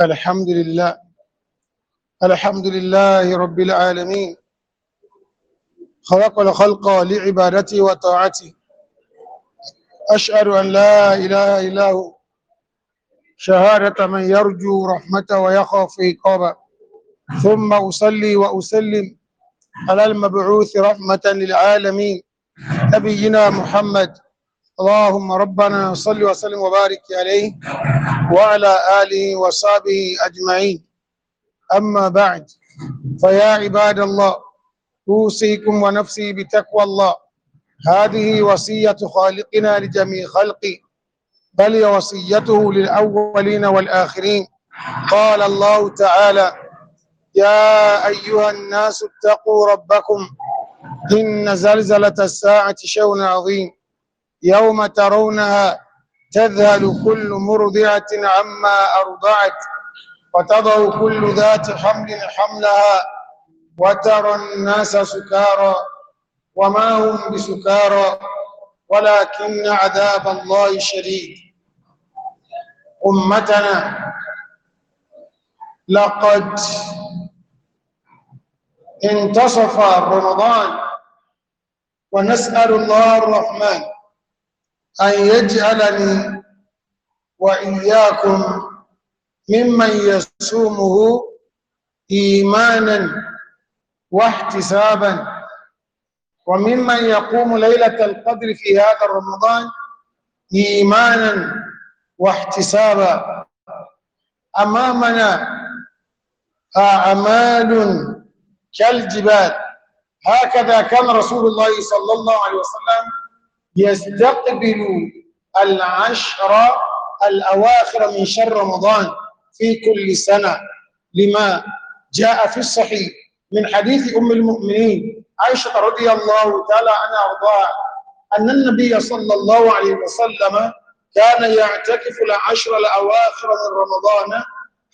الحمد لله الحمد لله رب العالمين خلق الخلق لعبادتي وطاعتي أشهد أن لا إله إلا هو شهادة من يرجو رحمة ويخاف عقابا ثم أصلي وأسلم على المبعوث رحمة للعالمين نبينا محمد اللهم ربنا صل وسلم وبارك عليه وعلى آله وصحبه أجمعين أما بعد فيا عباد الله أوصيكم ونفسي بتقوى الله هذه وصية خالقنا لجميع خلقه بل هي وصيته للأولين والآخرين قال الله تعالى يا أيها الناس اتقوا ربكم إن زلزلة الساعة شون عظيم يوم ترونها تذهل كل مرضعة عما أرضعت وتضع كل ذات حمل حملها وترى الناس سكارى وما هم بسكارى ولكن عذاب الله شديد أمتنا لقد انتصف رمضان ونسأل الله الرحمن أن يجعلني وإياكم ممن يصومه إيمانا واحتسابا وممن يقوم ليلة القدر في هذا رمضان إيمانا واحتسابا أمامنا أعمال كالجبال هكذا كان رسول الله صلى الله عليه وسلم يستقبل العشر الأواخر من شهر رمضان في كل سنة لما جاء في الصحيح من حديث أم المؤمنين عائشة رضي الله تعالى عنها أرضاها أن النبي صلى الله عليه وسلم كان يعتكف العشر الأواخر من رمضان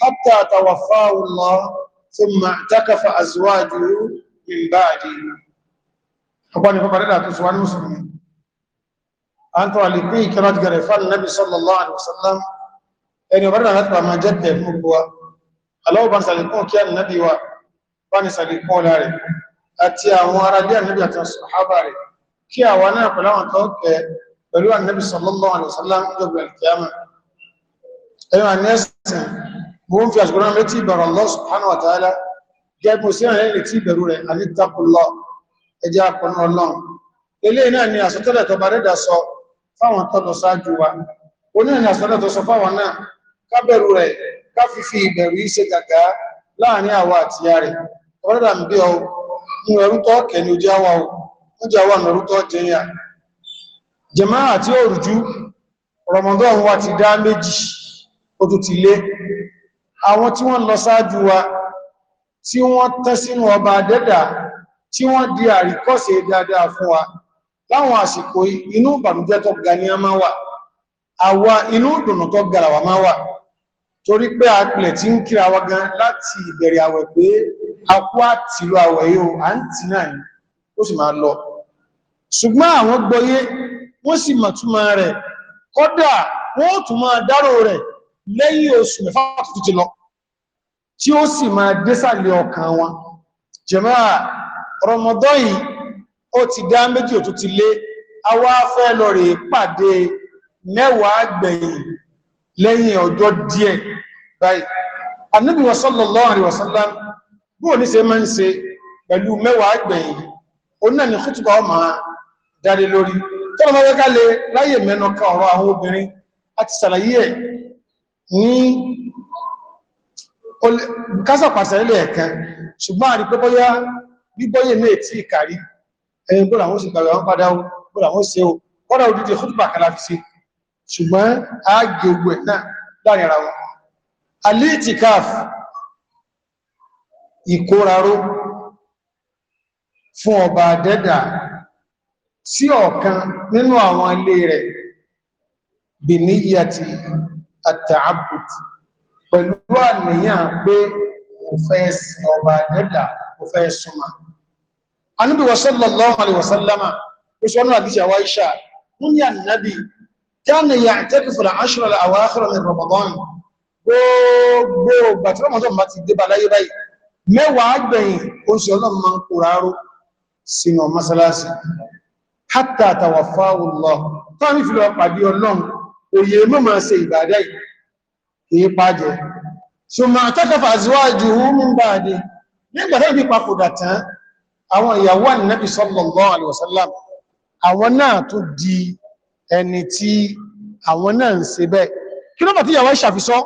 حتى توفاه الله ثم اعتكف أزواجه ìbáàdì ọba ni fọ́bàrẹ́dà tó sọ wá ní mùsùlùmí a ń tọ́ àlékún ìkẹrọ ti gẹ̀rẹ̀ fún Nabi sallallahu alaihi wasallam ẹni ọbàrẹ́dà láti bá máa jẹ́ tẹ̀ fún gbogbo wa aláwọ̀ bá ń sàlékún kí ànábì wa bá ní sàlékún ọlá rẹ̀ àti àwọn ará bí ànábì àti sàhábà rẹ̀ kí àwa náà jẹ́kùn sí àwọn ẹ̀rẹ̀ tí ìbẹ̀rù rẹ̀ alìtàkùnlọ ẹjẹ́ àpọ̀nà ọlọ́run ilé náà ni àsọtẹ́lẹ̀ tó bá rẹ̀dà sọ fáwọn tọ́lọ sáájú wa ó ní ìrìn àsọtẹ́lẹ̀ tó sọ fáwọn náà kábẹ̀rù rẹ̀ káfífi ìbẹ̀rù yìí ṣe gàgá láàrin àwa àti ya rẹ̀ ọ̀rẹ́dà ń bí ọ ní ẹrú tọ́ kẹni ojú àwa o ó jẹ́ àwa àwọn tí wọ́n lọ sáájú wa tí wọ́n tán sínú ọba dẹ́dà tí wọ́n di àríkọ́sẹ̀ dáadáa fún wa láwọn àsìkò inú ìbànújẹ́ tó ga ní ọmọ wà àwa inú ìdùnnú tó gara wà máa wà torí pé apilẹ̀ tí ń kíra wa gan láti ìbẹ̀rẹ̀ àwẹ̀ pé a kú àtìlú àwẹ̀ yóò à ń tì náà ni ó sì máa lọ ṣùgbọ́n àwọn gbọ́yé wọ́n sì mọ̀túnmọ̀ rẹ̀ kódà wọ́n tún máa dárò rẹ̀ lẹ́yìn oṣù mẹ́fà tó lọ tí ó sì máa désàlẹ̀ ọkàn wọn jẹ́mọ́ rọmọdọ́ yìí ó ti dá méjì ò tó ti lé awá fẹ́ lọ rẹ̀ pàdé mẹ́wàá gbẹ̀yìn lẹ́yìn ọjọ́ díẹ̀ báyìí Ànábì sallallahu alaihi ní ṣe máa ń ṣe pẹ̀lú mẹ́wàá gbẹ̀yìn ó náà ni kútùbà ọmọ dáre lórí tọ́rọ mọ́ wẹ́gá lè láyè mẹ́nu kan ọ̀rọ̀ àwọn obìnrin àti sàlàyé ẹ̀ ní kásàpàṣẹ ilé ẹ̀kan ṣùgbọ́n àrí pé bóyá bíbọ́yẹ̀ mẹ́ tí ìkàrí ẹni bóra wọ́n sì gbàgbà wọ́n padà bóra wọ́n se o kọ́dà òdíje fútbà kala fi se ṣùgbọ́n a gẹ ogun ẹ̀ náà láàrin ara wọn pẹ̀lú àníyàn pé kò fẹ́ sin ọba dẹ́dà kò fẹ́ súnmọ́ Ànábì sallallahu alaihi wasallama ó sọ náà àdíjà wáyíṣà wọ́n ni ànábì kana ya'takifu al-ashra al-awakhir min Ramadan gbogbo ìgbà tí Ramadan bá ti dé bá láyé báyìí mẹ́wàá gbẹ̀yìn oṣù ọlọ́run kìí pàjẹ́ ṣùgbọ́n àtẹ́kẹfà síwájú min ba'di nígbàtẹ́ ìbí papòdà tán àwọn ìyàwó Ànábì sallallahu alaihi wasallam àwọn náà tó di ẹni tí àwọn náà ń ṣe bẹ́ẹ̀ kí ló bàtí ìyàwó ìṣàfisọ́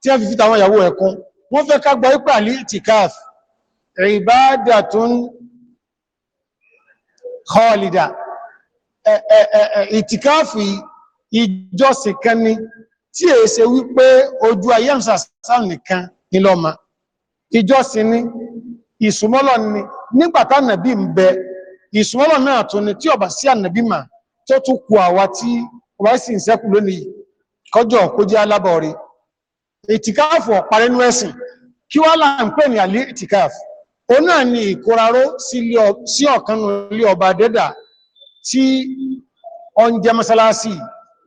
tí a fi fi tàwọn ìyàwó ẹ̀kún wọ́n fẹ́ ká gbọ́ ipà ní tí è ṣe wípé ojú ayé àmsàsàn nìkan nílọ́mà ìjọsìn ni ìsúnmọ́lọ̀ ni nígbàtà nàbí ń bẹ ìsúnmọ́lọ̀ náà tún ní tí ọba sí ànàbí ma tó tún kù àwa tí ọba sì ń lónìí kọjọ kó alábọ̀ rí ìtìkáàfù ọ̀parẹ́ nú ẹ̀sìn kí wá là ní ìtìkáàfù náà ni ìkóraró sí ọ̀kanú ilé ọba dẹ́dà tí ọ ń jẹ́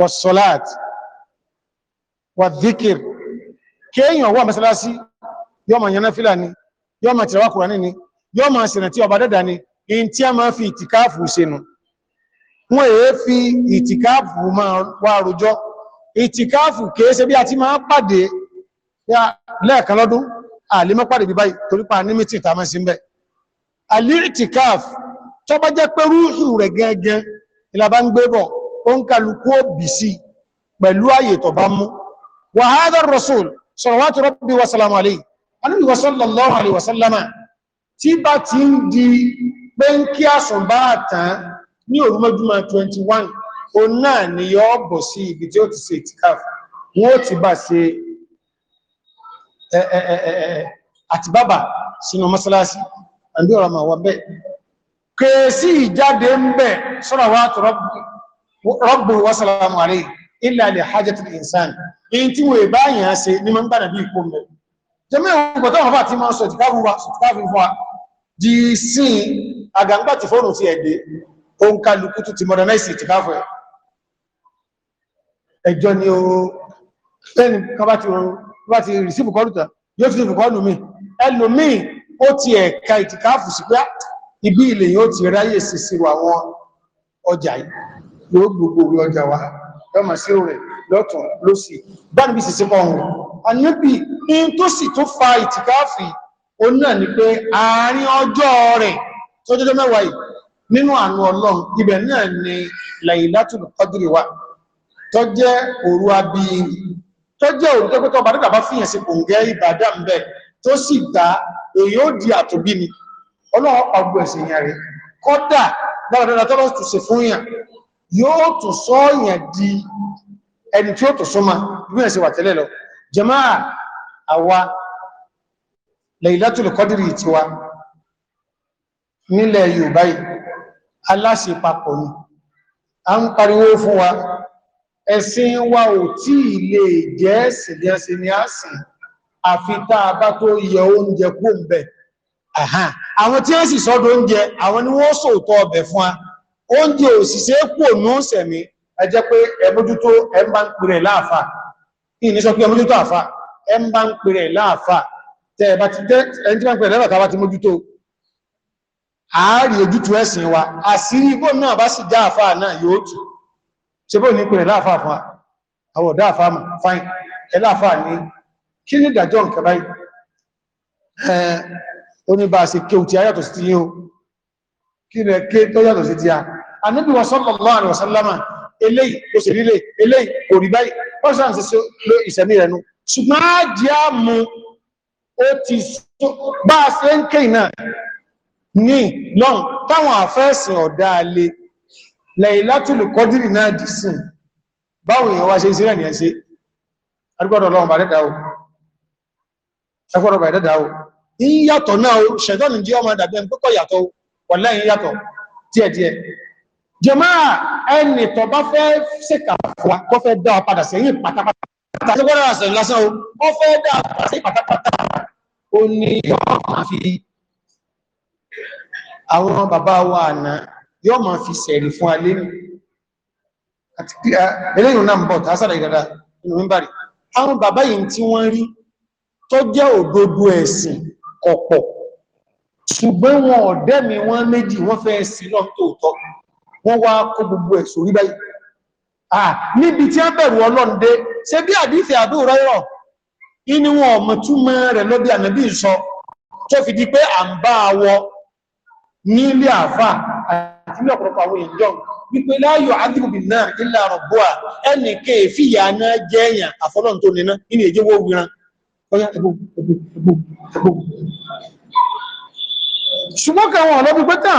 wọ̀sọ̀láàt wàdíkìr kéèyàn wà mẹ́sàlásí yọ́ ma yaná fílà ni yọ́ ma tìrẹwà kùránì ni yọ́ ma sẹ̀rẹ̀ tí ọba dẹ́dà ni in tí a máa fi ìtìkáàfù sínú wọ́n èé fi ìtìkáàfù máa wá rojọ́ ìtìkáàfù kéése bí a ti máa pàdé lẹ́ẹ̀kan lọ́dún àlímọ́ pàdé bí báyìí torípa ní mítì ó ń kálukú òbí sí pẹ̀lú ààyè tó bá mú wa hadha ar-rasul salawatu rabbi wa salamu alayhi alúwà sallallahu alayhi wa sallama tí bá ti ń di pé ń kí àsùn bá tán ní òrùmọ́júmọ́ 21 o náà ni yọ́ bọ̀ sí ibi tí ó ti ṣe ìtìkáf wọ́n ti bá ṣe àti sínú mọ́sálásí àbí ọ̀rọ̀ màwà bẹ́ẹ̀ kèèsí ìjáde ń bẹ̀ salawatu rabbi rọ́gbù wasalamu alẹ́ ilẹ̀ alẹ́ hajjat insan in tí wọ́n bá yàn ṣe ní mọ́ ń bá nàbí ikú mẹ́ jẹ́mẹ́ ìwọ̀n gbọ́tọ̀ wọn bá ti máa sọ ìtìkáfù wa ó ti ẹ̀ka ìtìkáfù sí pé ah, ibi ilẹ̀ yóò ti ráyè sí sí àwọn ọjà yìí yóò gbogbo orí ọjà wa lọ́mà sí rẹ̀ lọ́tún lọ́sì bánibí sì sípọ̀ ọ̀hún anábì ní tó sì tó fa ìtìkáàfì ó náà ni pé àárín ọjọ́ rẹ̀ tó jọjọ́ mẹ́wàá yìí nínú àánú ọlọ́run ibẹ̀ náà ni Laylatul Qadri wa tó jẹ́ òru abí tó jẹ́ òru tó pẹ́tọ́ bàdúgbà bá fìyàn sí kòǹgẹ́ ìbàdàn ń bẹ̀ tó sì gbá èyí ó di àtòbí ni ọlọ́run ọgbọ̀ ẹ̀sìn yẹn rẹ̀ kọ́dà dáradára tọ́lọ́sì tù yóò tún sọ́ọ̀yàn di ẹni tí ó tún súnmà gbíyàn sí wà tẹ́lẹ̀ lọ jẹmáà àwa Laylatul Qadri tiwa nílẹ̀ Yorùbá yìí aláṣepapọ̀ ni a ń pariwo fún wa ẹ̀sìn wa ò tí ilé jẹ́ ni a sìn àfi táa bá tó yẹ oúnjẹ kó ń bẹ̀ àwọn tí wọ́n sì sọ́dọ̀ oúnjẹ àwọn ni wọ́n sòótọ́ ọbẹ̀ fún wa oúnjẹ òṣìṣẹ́ pò ní mi ẹjẹ́ pé ẹmójútó ẹmbá ń pèrè láàfà kí ní sọ pé ẹmójútó àfà ẹmbá ń pèrè láàfà tẹ́ ẹ̀bá ti tẹ́ ẹni tí wọ́n pèrè lẹ́bàtà wá ti mójútó ààrí ojútùú ẹ̀sìn wa àṣírí ibò náà bá sì já àfà náà yóò tù ṣe bó ní pèrè láàfà fún wa àwọ̀ dá àfà mọ̀ fáìn ẹ láàfà ní kí ní ìdájọ́ nǹkan báyìí ó ní bá a ṣe kéwù sí ti yín o kí ní ẹ ké tó yàtọ̀ sí ti a Ànábì sallallahu alaihi wasallama eléyìí kò sì rílé eléyìí kò rí báyìí ọ́sàn sí sí ló ìsẹ̀mí rẹ̀ nú ṣùgbọ́n á jẹ́ àmú ó ti bá a ṣe ń ké náà ní lọ́n táwọn àfẹ́ẹ̀sìn ọ̀dá alé Lailatul Qadri náà dì sí báwọn èèyàn wá ṣe ìsírẹ̀ ní ẹ̀ṣẹ́ agbọ́dọ̀ lọ́wọ́n bá dẹ́dà o agbọ́dọ̀ bá dẹ́dà o ń yàtọ̀ náà ṣẹ̀tọ́ ní jẹ́ ọmọ dàbẹ́ ń pẹ́kọ̀ yàtọ̀ wọ̀lẹ́yìn yàtọ̀ díẹ̀díẹ̀ jẹmáà ẹni tó bá fẹ́ ṣèkà fún wa kó fẹ́ dá wa padà sẹ́yìn pátápátá àti wọ́n rà sẹ́yìn lásán o ó fẹ́ dá wa padà sẹ́yìn pátápátá ó ní yọ́ máa fi àwọn bàbá wa àná yọ́ máa fi sẹ̀rì fún alé eléyìn náà ń bọ̀ tásàdà ìdàdà inú mímbàrí àwọn bàbá yìí tí wọ́n rí tó jẹ́ òdodo ẹ̀sìn ọ̀pọ̀ ṣùgbọ́n wọn ọ̀dẹ́mi wọn méjì wọ́n fẹ́ sí lọ́tọ̀ọ̀tọ̀ wọ́n wá kó gbogbo ẹ̀ sórí báyìí ah níbi tí a bẹ̀rù ọlọ́ndé ṣe bí àdífẹ́ àbí òrọ́rọ̀ inú wọn ọmọ túnmọ́ rẹ̀ lọ́bí ànàbí sọ tó fi di pé à ń bá awọ ní ilé àfà àti ilé ọ̀pọ̀lọpọ̀ àwọn èèyàn wípé láyọ̀ adìbòbì náà ilẹ̀ àrọ̀bọ́à ẹnì kèèfì yàáná jẹ́yàn àfọlọ́n tó níná nínú èjèwó wíran ṣùgbọ́n kan wọn ọ̀lọ́bí pé tán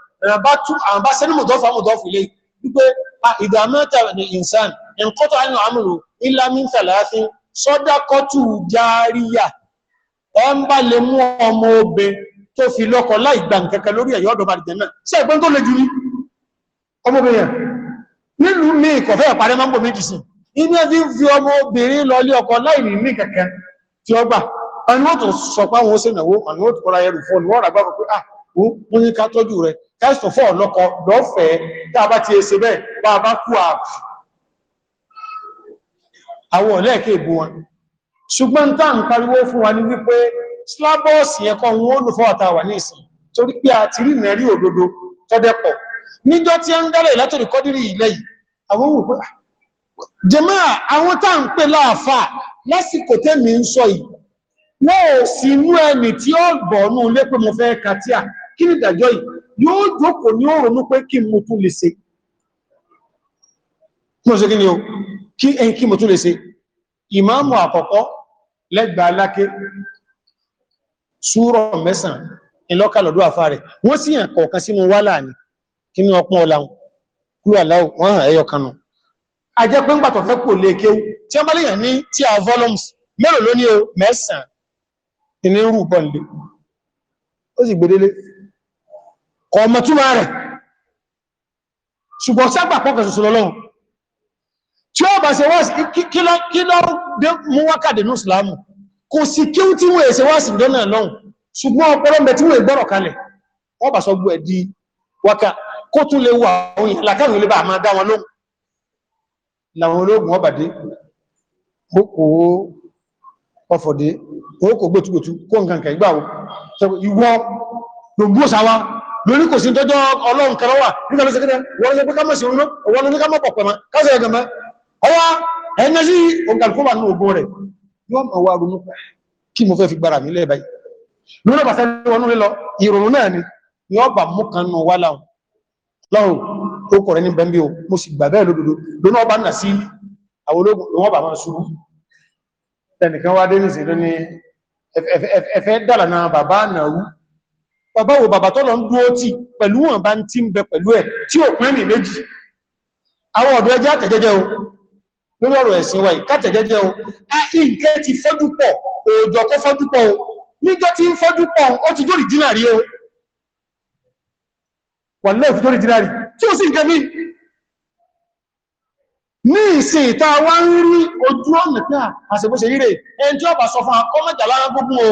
bá tú àwọn bá sẹ́ni mọ̀dọ́fà mọ̀dọ́fà ilé wípé ìdàmẹ́ta ní insan ẹnkọ́tọ̀ àánú àmúrò ìlàmíntàláfí sọ́dákọ́tù járíyà ẹ ń bá lè mú ọmọ obe tó fi lọ́kọ láì gbà nkẹ́kẹ́ lórí ẹ̀yọ́ ọ̀dọ̀ bàrìjẹ̀ náà sí ẹ̀gbọ́n tó le jù ní ọmọ obìnrin nílùú mi ìkọ̀fẹ́ ìparẹ́ máa ń bọ̀ méjì sí inú ẹbí ń fi ọmọ lọ lé ọkọ láì ní kẹ̀kẹ́ tí ó ah wọ́n ní test of all lọ́kọ lọ́fẹ́ tàbá ti ẹsẹ bẹ́ẹ̀ bá bá kú ààbù àwọn ọ̀lẹ́ẹ̀kẹ́ ìbú wọn ṣùgbọ́n tá ń pariwo fún wa ní wípé slabọ́ọ̀sì ẹ̀kọ́ wọn ó lò fọ́wàtà wà ní ìsìn torí pé a ti rí mẹ́rí òdodo tọ́dẹ́pọ̀ níjọ́ tí a ń dálẹ̀ látòrí kọ́dírí ilẹ̀ yìí àwọn wò pé ah, jẹ́mọ́ àwọn tá ń pè láàfà lásìkò tẹ́mi ń sọ yìí wọ́n ò sí inú ẹni tí ó gbọ̀ọ́nú lé pé katia kí ni ìdájọ́ yìí yóò jókòó ní òrònú pé kí mo tún lè ṣe kí mo ṣe kí ni o kí ẹn kí mo tún lè ṣe ìmáàmù àkọ́kọ́ lẹ́gbàá aláké súrọ̀ mẹ́sàn ìlọ́kàlọ́dọ́ àfá rẹ̀ wọ́n sì yàn kọ̀ọ̀kan sínú wálà ní kí ní ọpọ́n ọlá kúrò aláwọ̀ wọ́n hàn ẹyọ a jẹ́ pé ń gbàtọ̀ fẹ́ kò lè kéwú tí a máléyàn ní tí a volumes mẹ́rọ̀ lóní o mẹ́sàn ìní ó sì gbedele ọmọ túnmà rẹ̀ ṣùgbọ́n sápà pọ́kà ṣoṣo lọ́lọ́run tí ó bá ṣe wá sí kí lọ mú wákàdé ní ìsìlámù kò sí kí ó tí wọ́n èsẹ wá sí dọ́nà lọ́hùn ṣùgbọ́n ọpọlọ mẹ́ tí wọ́n gbọ́rọ̀ kalẹ̀ wọ́n bá sọ gbọ́ ẹ̀dí wákà kó tún lè wà àwọn èèyàn lákàrùn ilé bá ọfọ̀dé ó gbótúgbótú kó nǹkan kẹ̀ gbà ìwọ lògbó lórí kò sí tọ́jọ́ ọlọ́run kan wà nígbà ló sẹ́kẹ́dẹ̀ wọ́n lè pé ká mọ̀ sí oúnjẹ wọ́n lè ká mọ̀ pọ̀pọ̀ mọ́ káṣẹ̀ ẹ̀gẹ̀ mọ́ ọwá ẹ̀yẹ sí ọgbàlùkọ́wà ní ogun rẹ̀ yọ́ mọ̀ wá ronú kí mo fẹ́ fi gbára mi lẹ́ẹ̀bá lórí bàtà wọn lọ ìrònú náà ni yọ́ bà mú kan nù wá láhùn lọ́hùn ó kọ̀ rẹ̀ ní bẹ́m̀bí o mo sì gbà bẹ́ẹ̀ lódodo lónà ọba nà sí àwọn ológun ló wọ́n bà máa ṣubú ẹnìkan wá dé nìsí lóní ẹfẹ́ dàlà náà bàbá náà bàbá wo bàbá tó lọ ń dúó tí pẹ̀lú wọn bá ń tí ń bẹ pẹ̀lú ẹ̀ tí ò pín ní méjì àwọn ọ̀dọ́ ẹjẹ́ àtẹ̀jẹ́jẹ́ o lórí ọ̀rọ̀ ẹ̀sìn wa ìkàtẹ̀jẹ́jẹ́ o a ìǹkẹ́ ti fọ́jú pọ̀ òòjọ́ tó fọ́jú pọ̀ o níjọ́ tí ń fọ́jú pọ̀ ó ti dórí dínàrí o wà lẹ́ẹ̀ fi dórí dínàrí tí ó sì ń kẹ́mí ní ìsìn ìta wá ń rí ojú ọ̀nà pé àṣẹbóṣe rírè ẹni tí ó bá sọ fún akọ́mọ̀jà lára gbogbo o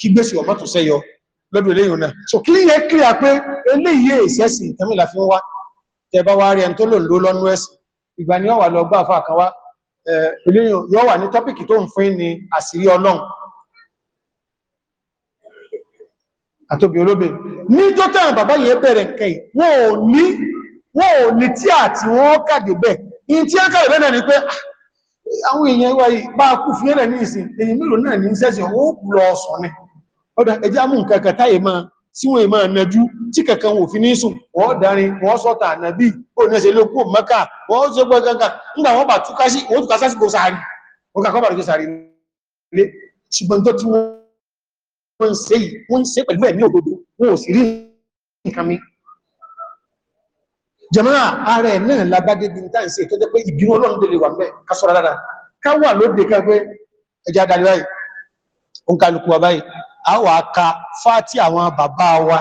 kí gbèsè ọmọ tó sẹ́yọ lọ́dún eléyìn náà so kí yẹ kíríà pé eléyìí ìṣẹ́sì ìtẹ́mì la fi ń wá tẹba wá rí ẹni tó lò ló lọ́nú ẹ̀sìn ìgbà ni ọwà lọ gbá àfá àkàwá eléyìn yọ wà ní tọ́pìkì tó ń fún ní àṣírí ọlọ́run àtòbí olóbe ní jọ́tà bàbá yẹn bẹ̀rẹ̀ nkẹ́ wọn ò ní wọn ò ní tí àti wọn kàdé bẹ́ẹ̀ in tí a kàdé bẹ́ẹ̀ náà ni pé ah, àwọn èèyàn ìwà yìí bá kú fi ẹ̀rẹ̀ ní ìsìn èyí mélòó náà ní sẹ́sìn ó lọ ọ̀sán ni ọ̀dá ẹjẹ́ amú nǹkankan táyè máa tí wọ́n máa nàjú tí kankan wò fi ní sùn wọ́n darin wọ́n sọ́ta ànàbí ònàṣẹ́ ló kó mẹ́kà wọ́n tó gbọ́ kankan nígbà wọ́n bà túká sí wọ́n túká sásìkò sàárì wọ́n kàkọ́ bàrẹ̀ sàárì lé ṣùgbọ́n tó tí wọ́n ń ṣe yìí wọ́n ń ṣe pẹ̀lú ẹ̀mí òdodo wọn ò sì rí nǹkan mi jàmáà ààrẹ náà labádé bí níta ìṣe tó jẹ́ pé ìbínú ọlọ́run tó lè wà mẹ́ kásọ̀rọ̀ dáadáa a wà ká fáti àwọn bàbá wa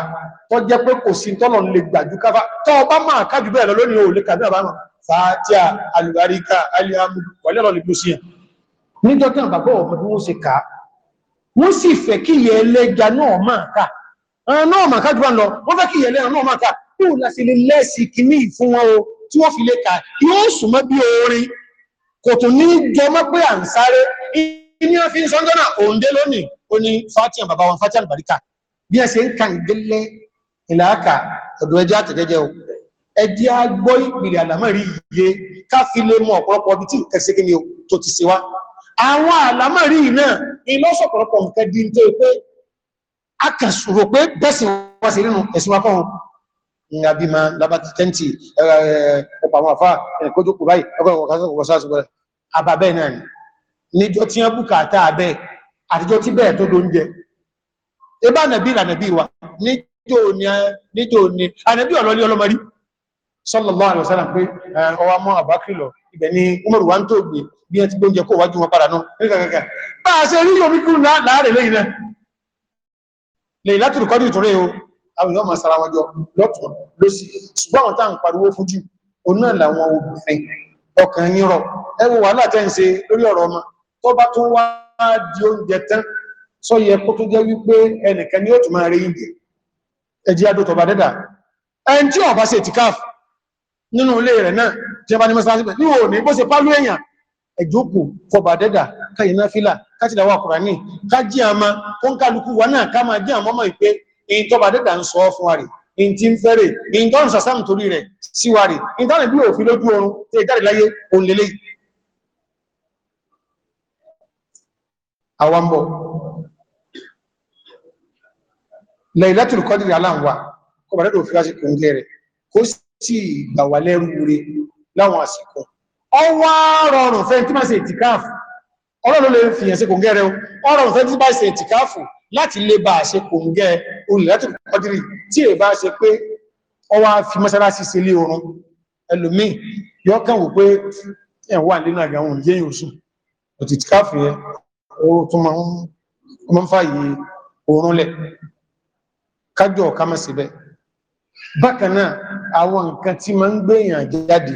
tó jẹ́ pé kò sí tọ́lọ̀ lè gbàjú káfà tọ́ ọba máa kájú bẹ́ẹ̀ lọ lónìí ò lè kàbí àbámọ̀ fáti alùbáríkà alihamu wàlẹ́rọ̀ lè gbóṣíyà níjọ́ tí àbàbọ̀ ọmọ bí wọ́n ṣe ká wọ́n sì fẹ́ kí ìyẹ ẹlẹ́ja náà máa ká náà máa ká jù kò tún ní jọmọ́ pé à ń sáré ní wọ́n òǹdé lónìí ó ní fatiha bàbá wọn fatiha àlùbáríkà bí ẹ ṣe ń ka ìgbélé ìlàákà ọ̀dọ̀ ẹjẹ́ àtẹ̀jẹ́jẹ́ o ẹjẹ́ agbọ́ ìpìlẹ̀ àlámọ̀rí yìí ká fi lè mọ ọ̀pọ̀lọpọ̀ ibi tí nǹkan ṣe kí ni tó ti ṣe wá àwọn àlámọ̀rí náà ìlọ́sọ̀pọ̀lọpọ̀ nǹkan di tó pé a kàn sọ̀rọ̀ pé bẹ́sìn wá sí nínú ẹ̀sìn wa kọ́hún ìrìnàbí ma lábàtí tẹ́ǹtì ọ̀pọ̀ àwọn àfáà ẹ̀kọ́jọ́kù àtijọ́ tí bẹ́ẹ̀ tó ló ń jẹ ebá nàbí ìlànàbí wa níjò ní níjò ní ànàbí ọ̀lọ́lé ọlọ́mọrí sallallahu alaihi wasallam pé ọwá mọ́ àbákìlọ̀ ibẹ̀ ni umaru wa ń tó gbé bí ẹ ti gbóúnjẹ kó wájú wọn padà náà kàkàkà bá a ṣe rí omi kúrú láàrẹ̀ lẹ́yìn náà lẹ́yìn látùrù kọ́dù ìtúrẹ́ o àwọn èèyàn máa sara làwọn obìnrin ọkàn yín rọ ẹ wo ń ṣe lórí ọ̀rọ̀ ọmọ tó bá tún wá di oúnjẹ tán sọ yẹ kó tó jẹ́ wípé ẹnìkan ni ó tún máa rí ìdè ẹjí adótọ̀ bá dẹ́dà ẹn tí ọ̀bá ṣe ti káf nínú ilé rẹ̀ náà tí wọ́n bá ní mọ́sálásí pẹ̀ níwò ní bó ṣe pálú èèyàn ẹ̀jọ́kù fọba dẹ́dà káyìn náà fílà káṣìdáwà kùránì kájí àmà kó ń kálukú wà náà ká máa jẹ́ àmọ́mọ́ ìpé in tọba dẹ́dà ń sọ fún wa rẹ̀ in ti ń fẹ́rẹ̀ in tọ́rùn sàsámù torí rẹ̀ síwárì in tọ́rùn bí òfin lójú oorun tí ìjáde láyé òun lélẹ́yìí àwọn bọ̀ Lailatul Qadr aláǹwà kọ bàdẹ́ tó fíláṣì kò ń gẹ̀rẹ̀ kó sì gbà wà lẹ́rù rẹ̀ láwọn àsìkò ọwá rọrùn fẹ́ tí máa ṣe ìtìkáàfù ọlọ́run lè fi ẹ̀ṣẹ́ kò ń gẹ̀rẹ̀ ọrọ̀rùn fẹ́ tí bá ṣe ìtìkáàfù láti lè bá ṣe kò ń gẹ̀ Lailatul Qadr tí è bá ṣe pé nínú àgbà òun yẹ́yìn òsùn òtìtìkáàfù ó tún máa ń fàyè oorun lẹ̀ kájọ ọ̀ká mọ́ síbẹ̀ bákan náà àwọn nǹkan tí máa ń gbéyàn jáde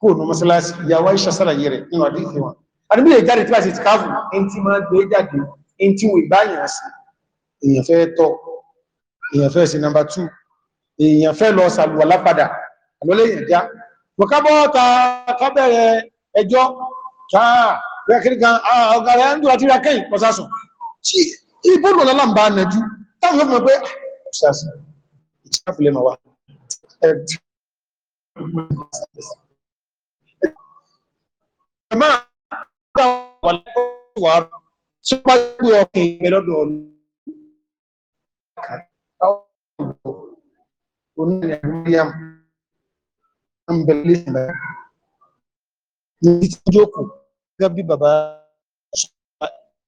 kó nu mọ́sálásí ìyàwó iṣẹ́ sàlàyé rẹ̀ nínú àdé ìfihàn àdúgbò ìjáde tí wàá sì ti káàfù ẹni tí máa gbé jáde ẹni tí wọ́n ìbáyàn sí èèyàn fẹ́ tọ̀ èèyàn fẹ́ sí nàmbà 2 èèyàn fẹ́ lọ sàlùwà lápadà àlọ́lẹ́yìn ẹ̀dá wọ́n rẹ̀kìrì kan ọ̀gá rẹ̀ ń dùn àti rẹ̀ kẹ́yìn pọ̀sásùn tí ibò lọ́lá là ń bá nàjú táwọn yóò fi mọ̀ pé ṣàṣì ìtàfilẹ̀ mà wá ẹ̀má ọ̀gá wà lẹ́kọ̀ọ́ wà tí ó bá gbé ọkùnrin mi lọ́dọ̀ ọ̀nà onírin àríyá ní títí jókòó gẹ́gẹ́ bí bàbá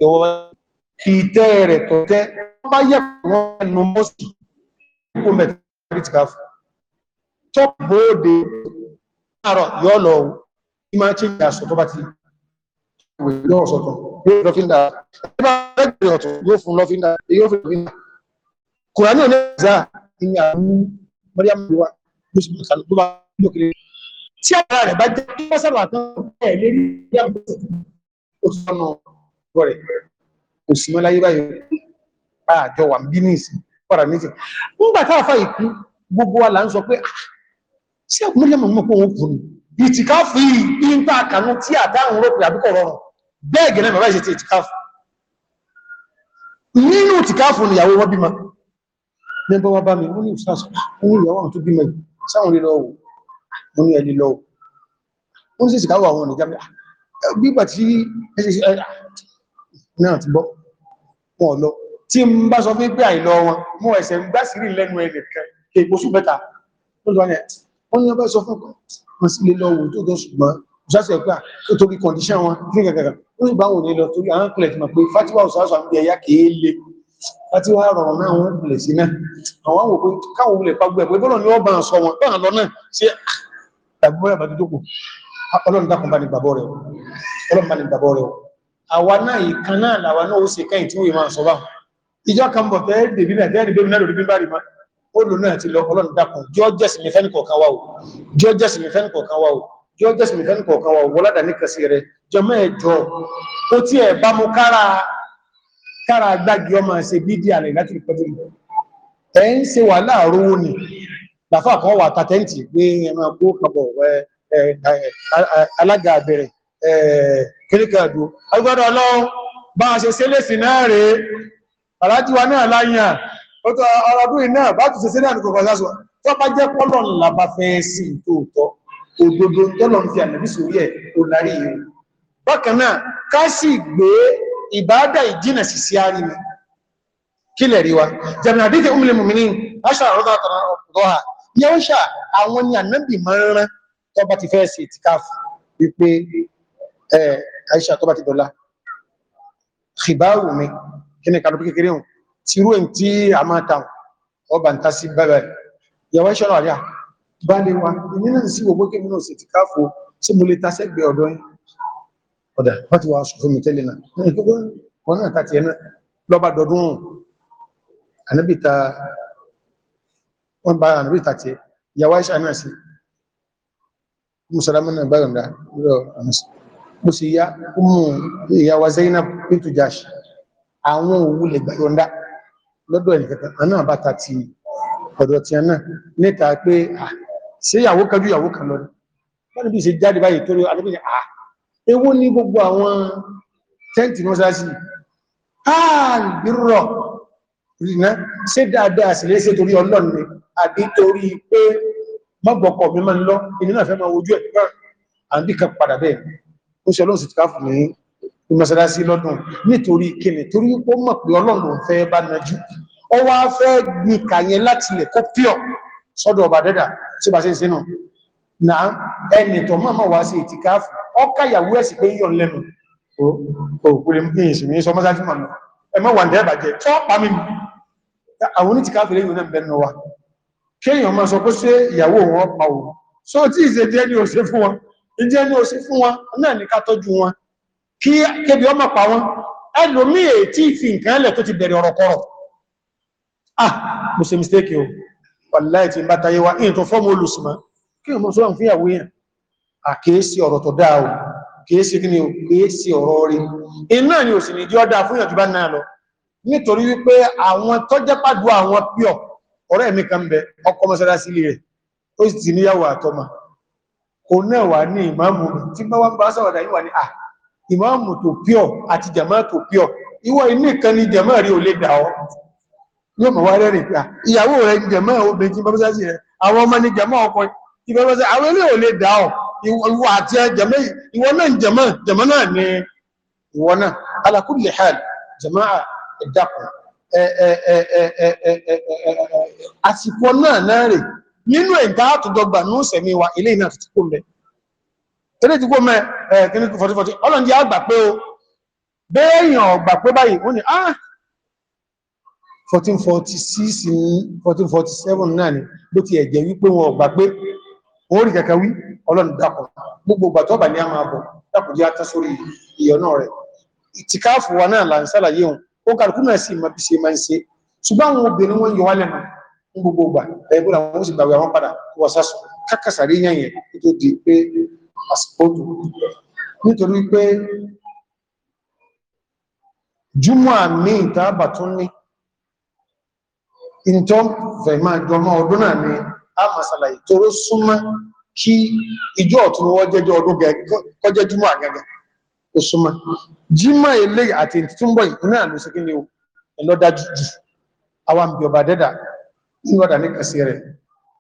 ìwọ́ ìtẹ́ rẹ̀ tó tẹ́ wọ́n bá yẹ̀ wọ́n ẹnu mọ́sí kó mẹ́tàrí ti ká fún tó bóòdè àrọ̀ yọ́ lọ ní máa tí ìyà sọ tó bá ti wè lọ́wọ́ sọ́tọ̀ yóò lọ́fíndà ẹgbẹ́ ẹgbẹ́ ọ̀tọ̀ yóò fún lọ́fíndà yóò fún lọ́fíndà kùránì ò ní ẹ̀zá ìyà mú mọ́ríàmù wá ló sì bá kàlù tó bá lókèrè tí ara rẹ̀ bá jẹ́ kí wọ́n sábà tán ẹ̀ lérí ìyá mi ó sọnà ọ̀rọ̀ rẹ̀ kò sí mọ́láyé báyìí bá àjọ wà bí ní ìsìn pàrà ní ìsìn nígbà tá a fa ìkú gbogbo wa là ń sọ pé sí ah, àkúmọ́lẹ́ mọ̀ mọ́ pé òun kù ní ìtìkáfù yìí ń ta àkànú tí àtàrùn rò pé àbíkọ̀ rọrùn bẹ́ẹ̀ gẹ̀rẹ́ bàbá ìṣe ti ìtìkáfù nínú ìtìkáfù nìyàwó wọn bímọ nígbà wọn bá mi wọn ní ìtìkáfù wọn ní ìyàwó àwọn tó bímọ mo ní ẹni lọ wọ́n sì sìkáwọ̀ àwọn ọ̀nà ìjábẹ̀ gbígbà tí náà ti bọ́ wọn lọ tí n bá sọ fún pé àìlọ wọn mú ẹsẹ̀ ń gbásìrí lẹ́nu ẹnìkan èkóṣù mẹ́ta lọ́dọ̀ ẹ̀ wọ́n ní ọba sọ fún wọn sí lè lọ́wọ́ tó gọ́ ṣùgbọ́n òṣàṣẹ́ pé ó torí kọ̀ndíṣàn wọn ní gàgàgà ó sì bá wọn lè lọ torí àwọn kìlẹ̀ ti mọ̀ pé fatiwa òṣàṣọ àmì ẹ̀yà kìí le fatiwa rọrùn náà wọn kìlẹ̀ sí náà àwọn àwọn òpin káwọn olè pàgbẹ́ pé bọ́lọ̀ ni wọ́n bá ń sọ wọn bá lọ náà tàbí mọ́rẹ̀ bá dúdú kù ọlọ́run dákun bá ní gbàgbọ́ rẹ̀ ọlọ́run bá ní gbàgbọ́ rẹ̀ àwa náà ìkan náà làwa náà ó ṣe kẹ́yìn tí wọ́n máa sọ bá ìjọ kan bọ̀ fẹ́ dèbí náà dẹ́rìn dèbí náà lórí bí bá rí ma ó lò náà ti lọ ọlọ́run dákun jọ́ jẹ́sì mi fẹ́ni kọ̀ọ̀kan wa o jọ́ jẹ́sì mi fẹ́ni kọ̀ọ̀kan wa o jọ́ jẹ́sì mi fẹ́ni kọ̀ọ̀kan wa o wọ́lá dání kẹsì rẹ̀ jọmọ́ ẹ̀ jọ ó tí ẹ̀ bá mú kára kára gbági ọmọ ṣe bídí àlè láti pẹ́tẹ́lú ẹ̀ làfà kan wà tàtẹ́ǹtì pé ẹran kó kàbọ̀ alága àbẹ̀rẹ̀ kérékàdó agbádọ́ ọlọ́run bá a ṣe sẹ́lẹ̀sì náà rèé alájíwa náà láyàn ọ̀tọ̀ ọ̀rọ̀dún iná bá tún ṣe náà ní kọ̀kọ̀ sásọ tó bá jẹ́ pọ́lọ̀ làbá fẹ́ sí ìtòótọ́ òdodo tọ́lọ̀ ń fi ànàbí sórí ẹ̀ olàrí rẹ̀ bákan náà ká sì gbé ìbáadà ìjìnà sí sí ariwo kílẹ̀ rí wa jẹ̀mìnà dídì umlẹ̀ mùmìnì aṣọ àrọ́dọ̀ àtàrà ọ̀dọ́ yẹ́wọ́ṣà àwọn ni ànábì máa ń rán tọ́ba ti fẹ́ sí ìtìkáfù wípé ẹ̀ àìṣà tọ́ba ti dọ̀la ṣìbáwù mi kí ni kàdùkú kékeré hùn tí irú èyí tí a máa tàn ọba ń ta sí bẹ́bẹ̀ yẹ́wọ́ṣà náà ríà bá lè wa ìní náà sí gbogbo kí nínú sí ìtìkáfù tí mo lè ta sẹ́gbẹ̀ẹ́ ọ̀dọ́ yín ọ̀dà wọ́n ti wá aṣọ fún mi tẹ́lẹ̀ náà wọn náà ta tiẹ̀ náà lọ́ba dọdún ànábì wọ́n bá ànàbí tàkì ìyàwó iṣẹ́ àmì àṣì musulman náà báyọ̀ ǹdá lọ mo sì yá mú ìyàwó Zainab bintu Jahsh àwọn òwú lè gbáyọ̀ ǹdá lọ́dọ̀ ẹ̀nìkẹta àná àbáta ti ọ̀dọ̀ ti àná níta pé ṣé ìyàwó kan ju ìyàwó kan lọ bọ́n bí ṣe jáde báyìí torí àdébí ni à ewu ní gbogbo àwọn dáadáa sì lè torí Ọlọ́run àbí torí pé mọ́gbọ̀kọ̀ mi máa ń lọ inú náà fẹ́ máa ojú ẹ̀ gbọ́n àbí kan padà bẹ́ẹ̀ ó ṣe ọlọ́run sì ti káfù ní mọ́sálásí lọ́dún nítorí kíni torí ó mọ̀ pé ọlọ́run fẹ́ bá najú ó wá fẹ́ gbin kàyẹn láti lẹ̀ kó píọ̀ sọ́dọ̀ ọba dẹ́dà tí bá ṣe ń sínú na ẹni tó mọ́mọ́ wá sí ìtìkáfù ọkàyàwó ẹ̀sì pé yíò lẹ́nu òkúrin ìsinmi sọ mọ́sájú mọ̀ ẹmọ́ wà ní ẹbàjẹ́ tó pàmí náà bẹ́ẹ̀ wà kéèyàn máa sọ pé ṣé ìyàwó wọn pa òun so tí ìṣe díẹ̀ ní òṣè fún wọn ìdíẹ̀ ní òṣè fún wọn náà ní ká tọ́jú wọn kí kébi ọmọ pa wọn ẹlòmíì tí fi nǹkan ẹlẹ̀ tó ti bẹ̀rẹ̀ ọ̀rọ̀ kọ̀rọ̀ ah mo ṣe mistake o wàláì ti bá tayé wa ìyìn tó fọ́mù olùsùnmọ́ kí o mọ́ sọ́rọ̀ fún ìyàwó yẹn àkíyèsí ọ̀rọ̀ tó dáa o kìísí kí ni o kìísí ọ̀rọ̀ rí iná ni ò sì ní jẹ́ ọ́dá fún ìyànjú bá náà lọ nítorí wípé àwọn tọ́jẹ́pàdù àwọn pure ọ̀rẹ́ mi kan bẹ ọkọ̀ mọ́sálásí ilé rẹ̀ ó sì ti níyàwó àtọ́mà kò náà wà ní ìmáàmù tí bá wọ́n bá sọ̀rọ̀dà yíwà ní à ìmáàmù tó píọ̀ àti jàmá tó píọ̀ ìwọ inú ìkan ni jàmá rí ò lè dà ọ́ yóò mọ̀ wá rẹ́rìn pé ìyàwó rẹ̀ jàmá obìnrin tí bá mọ́sálásí rẹ̀ àwọn ọmọ ni jàmá ọkọ àsìkò náà náà rè nínú ẹ̀dá àtúndọgba ní ìsẹ̀mí wa ilé iná ti kó mẹ́ eré ti kó mẹ́ kíní 40-40 ọlọ́ndí àgbà pé o bẹ́ẹ̀yàn ọgbà pé báyìí wọ́n ni ah 1446 1447 náà ni ló ti ẹ̀jẹ̀ wípé wọn ọgbà pé orí kẹkẹ wí ọlọ́ndí dákọ̀ gbogbo ìgbà tó bà ní a máa bọ̀ dákùn jẹ́ atásórí ìyọ̀nà rẹ̀ ìtìkáàfù wa náà là ń sálàyé hùn ó kàrùkú náà sì máa bí ṣe máa ń ṣe ṣùgbọ́n àwọn obìnrin wọn yọ wálẹ̀ náà ń gbogbo gbà ẹ̀bùn àwọn ó sì gbàgbé àwọn padà wọ sásùn kákàsàrí yàn yẹn tó di pé àsìkò tó nítorí pé júmọ́ àmì ìtaàbà tún ní ìntọ́ fẹ̀mà jọmọ ọdún náà ni a máa ṣàlàyé toró súnmọ́ kí ìjọ ọ̀tún wọ́n jẹ́jọ ọdún kọjẹ́ júmọ́ àgàgà ó súnmọ́ jímọ̀ ilé àti ìtúnbọ̀ náà ló síkí ní ọlọ́dá jùjù àwọn àmì ọba dẹ́dà tí wọ́n dà ní kàsí rẹ̀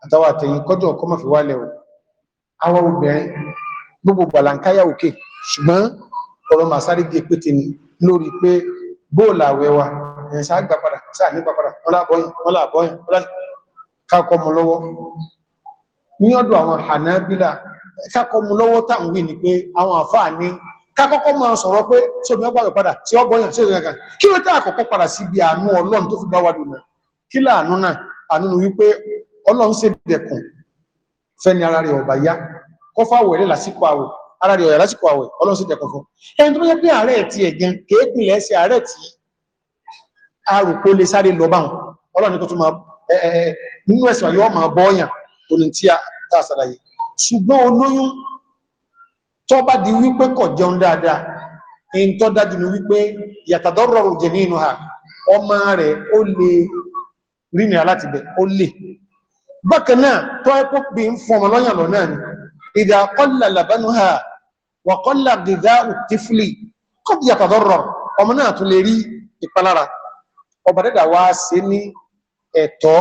àtàwà àtẹ̀yìn kọjọ ọkọ́ mọ̀ fi wálẹ̀ o àwọn obìnrin gbogbo gbàlànkáyà òkè ṣùgbọ́n ọ̀rọ̀ màá sáré pété ni lórí pé bóòlà àwẹ̀ wa ẹ̀sà àgbà padà sáà nígbà padà wọ́n lábọ́yìn wọ́n lábọ́yìn wọ́n lábọ́yìn kákọ́ mu ní ọ̀dọ̀ àwọn Hanabila kákọ́ kákọ́kọ́ máa sọ̀rọ̀ pé sómi ọgbà ìpadà tí ọ bọ́yàn sí ìrìnàkà kí ló tẹ́ àkọ́kọ́ padà sí ibi àánú ọlọ́run tó fi bá wádùn náà kí láàánú náà àánú wípé ọlọ́run ṣe dẹ̀kùn fẹ́ni ara rẹ̀ ọ̀bà yá kọ́ fáwọ̀ ẹ̀rẹ́ lásìkò àwẹ̀ ara rẹ̀ ọ̀yà lásìkò àwẹ̀ ọlọ́run ṣe dẹ̀kùn fún ẹni tó yẹ pé ààrẹ ti ẹ̀gẹn kéèpìlẹ̀ ṣe ààrẹ tí arùpó lè sáré lọ báwọn ọlọ́run tó tún máa nínú ẹ̀sìn àyọ́ máa bọ́ọ̀yàn oní tí a ṣàlàyé ṣùgbọ́n olóyún tó bá di wípé kọ̀ jẹun dáadáa in tó dájú ni wípé yàtàdọ́rọ̀ òjè ní inú ha ọmọ rẹ̀ ó lè rínira láti bẹ̀ ó lè bákan tó ẹ́pọ̀ bí ń fún ọmọ náà ni ìdá kọ́lá làbánú ha wà kọ́lá gẹ̀gá òtífìlì kọ́ bí yàtàdọ́rọ̀ ọmọ náà tún lè rí ìpalára ọba dẹ́dà wá sí ní ẹ̀tọ́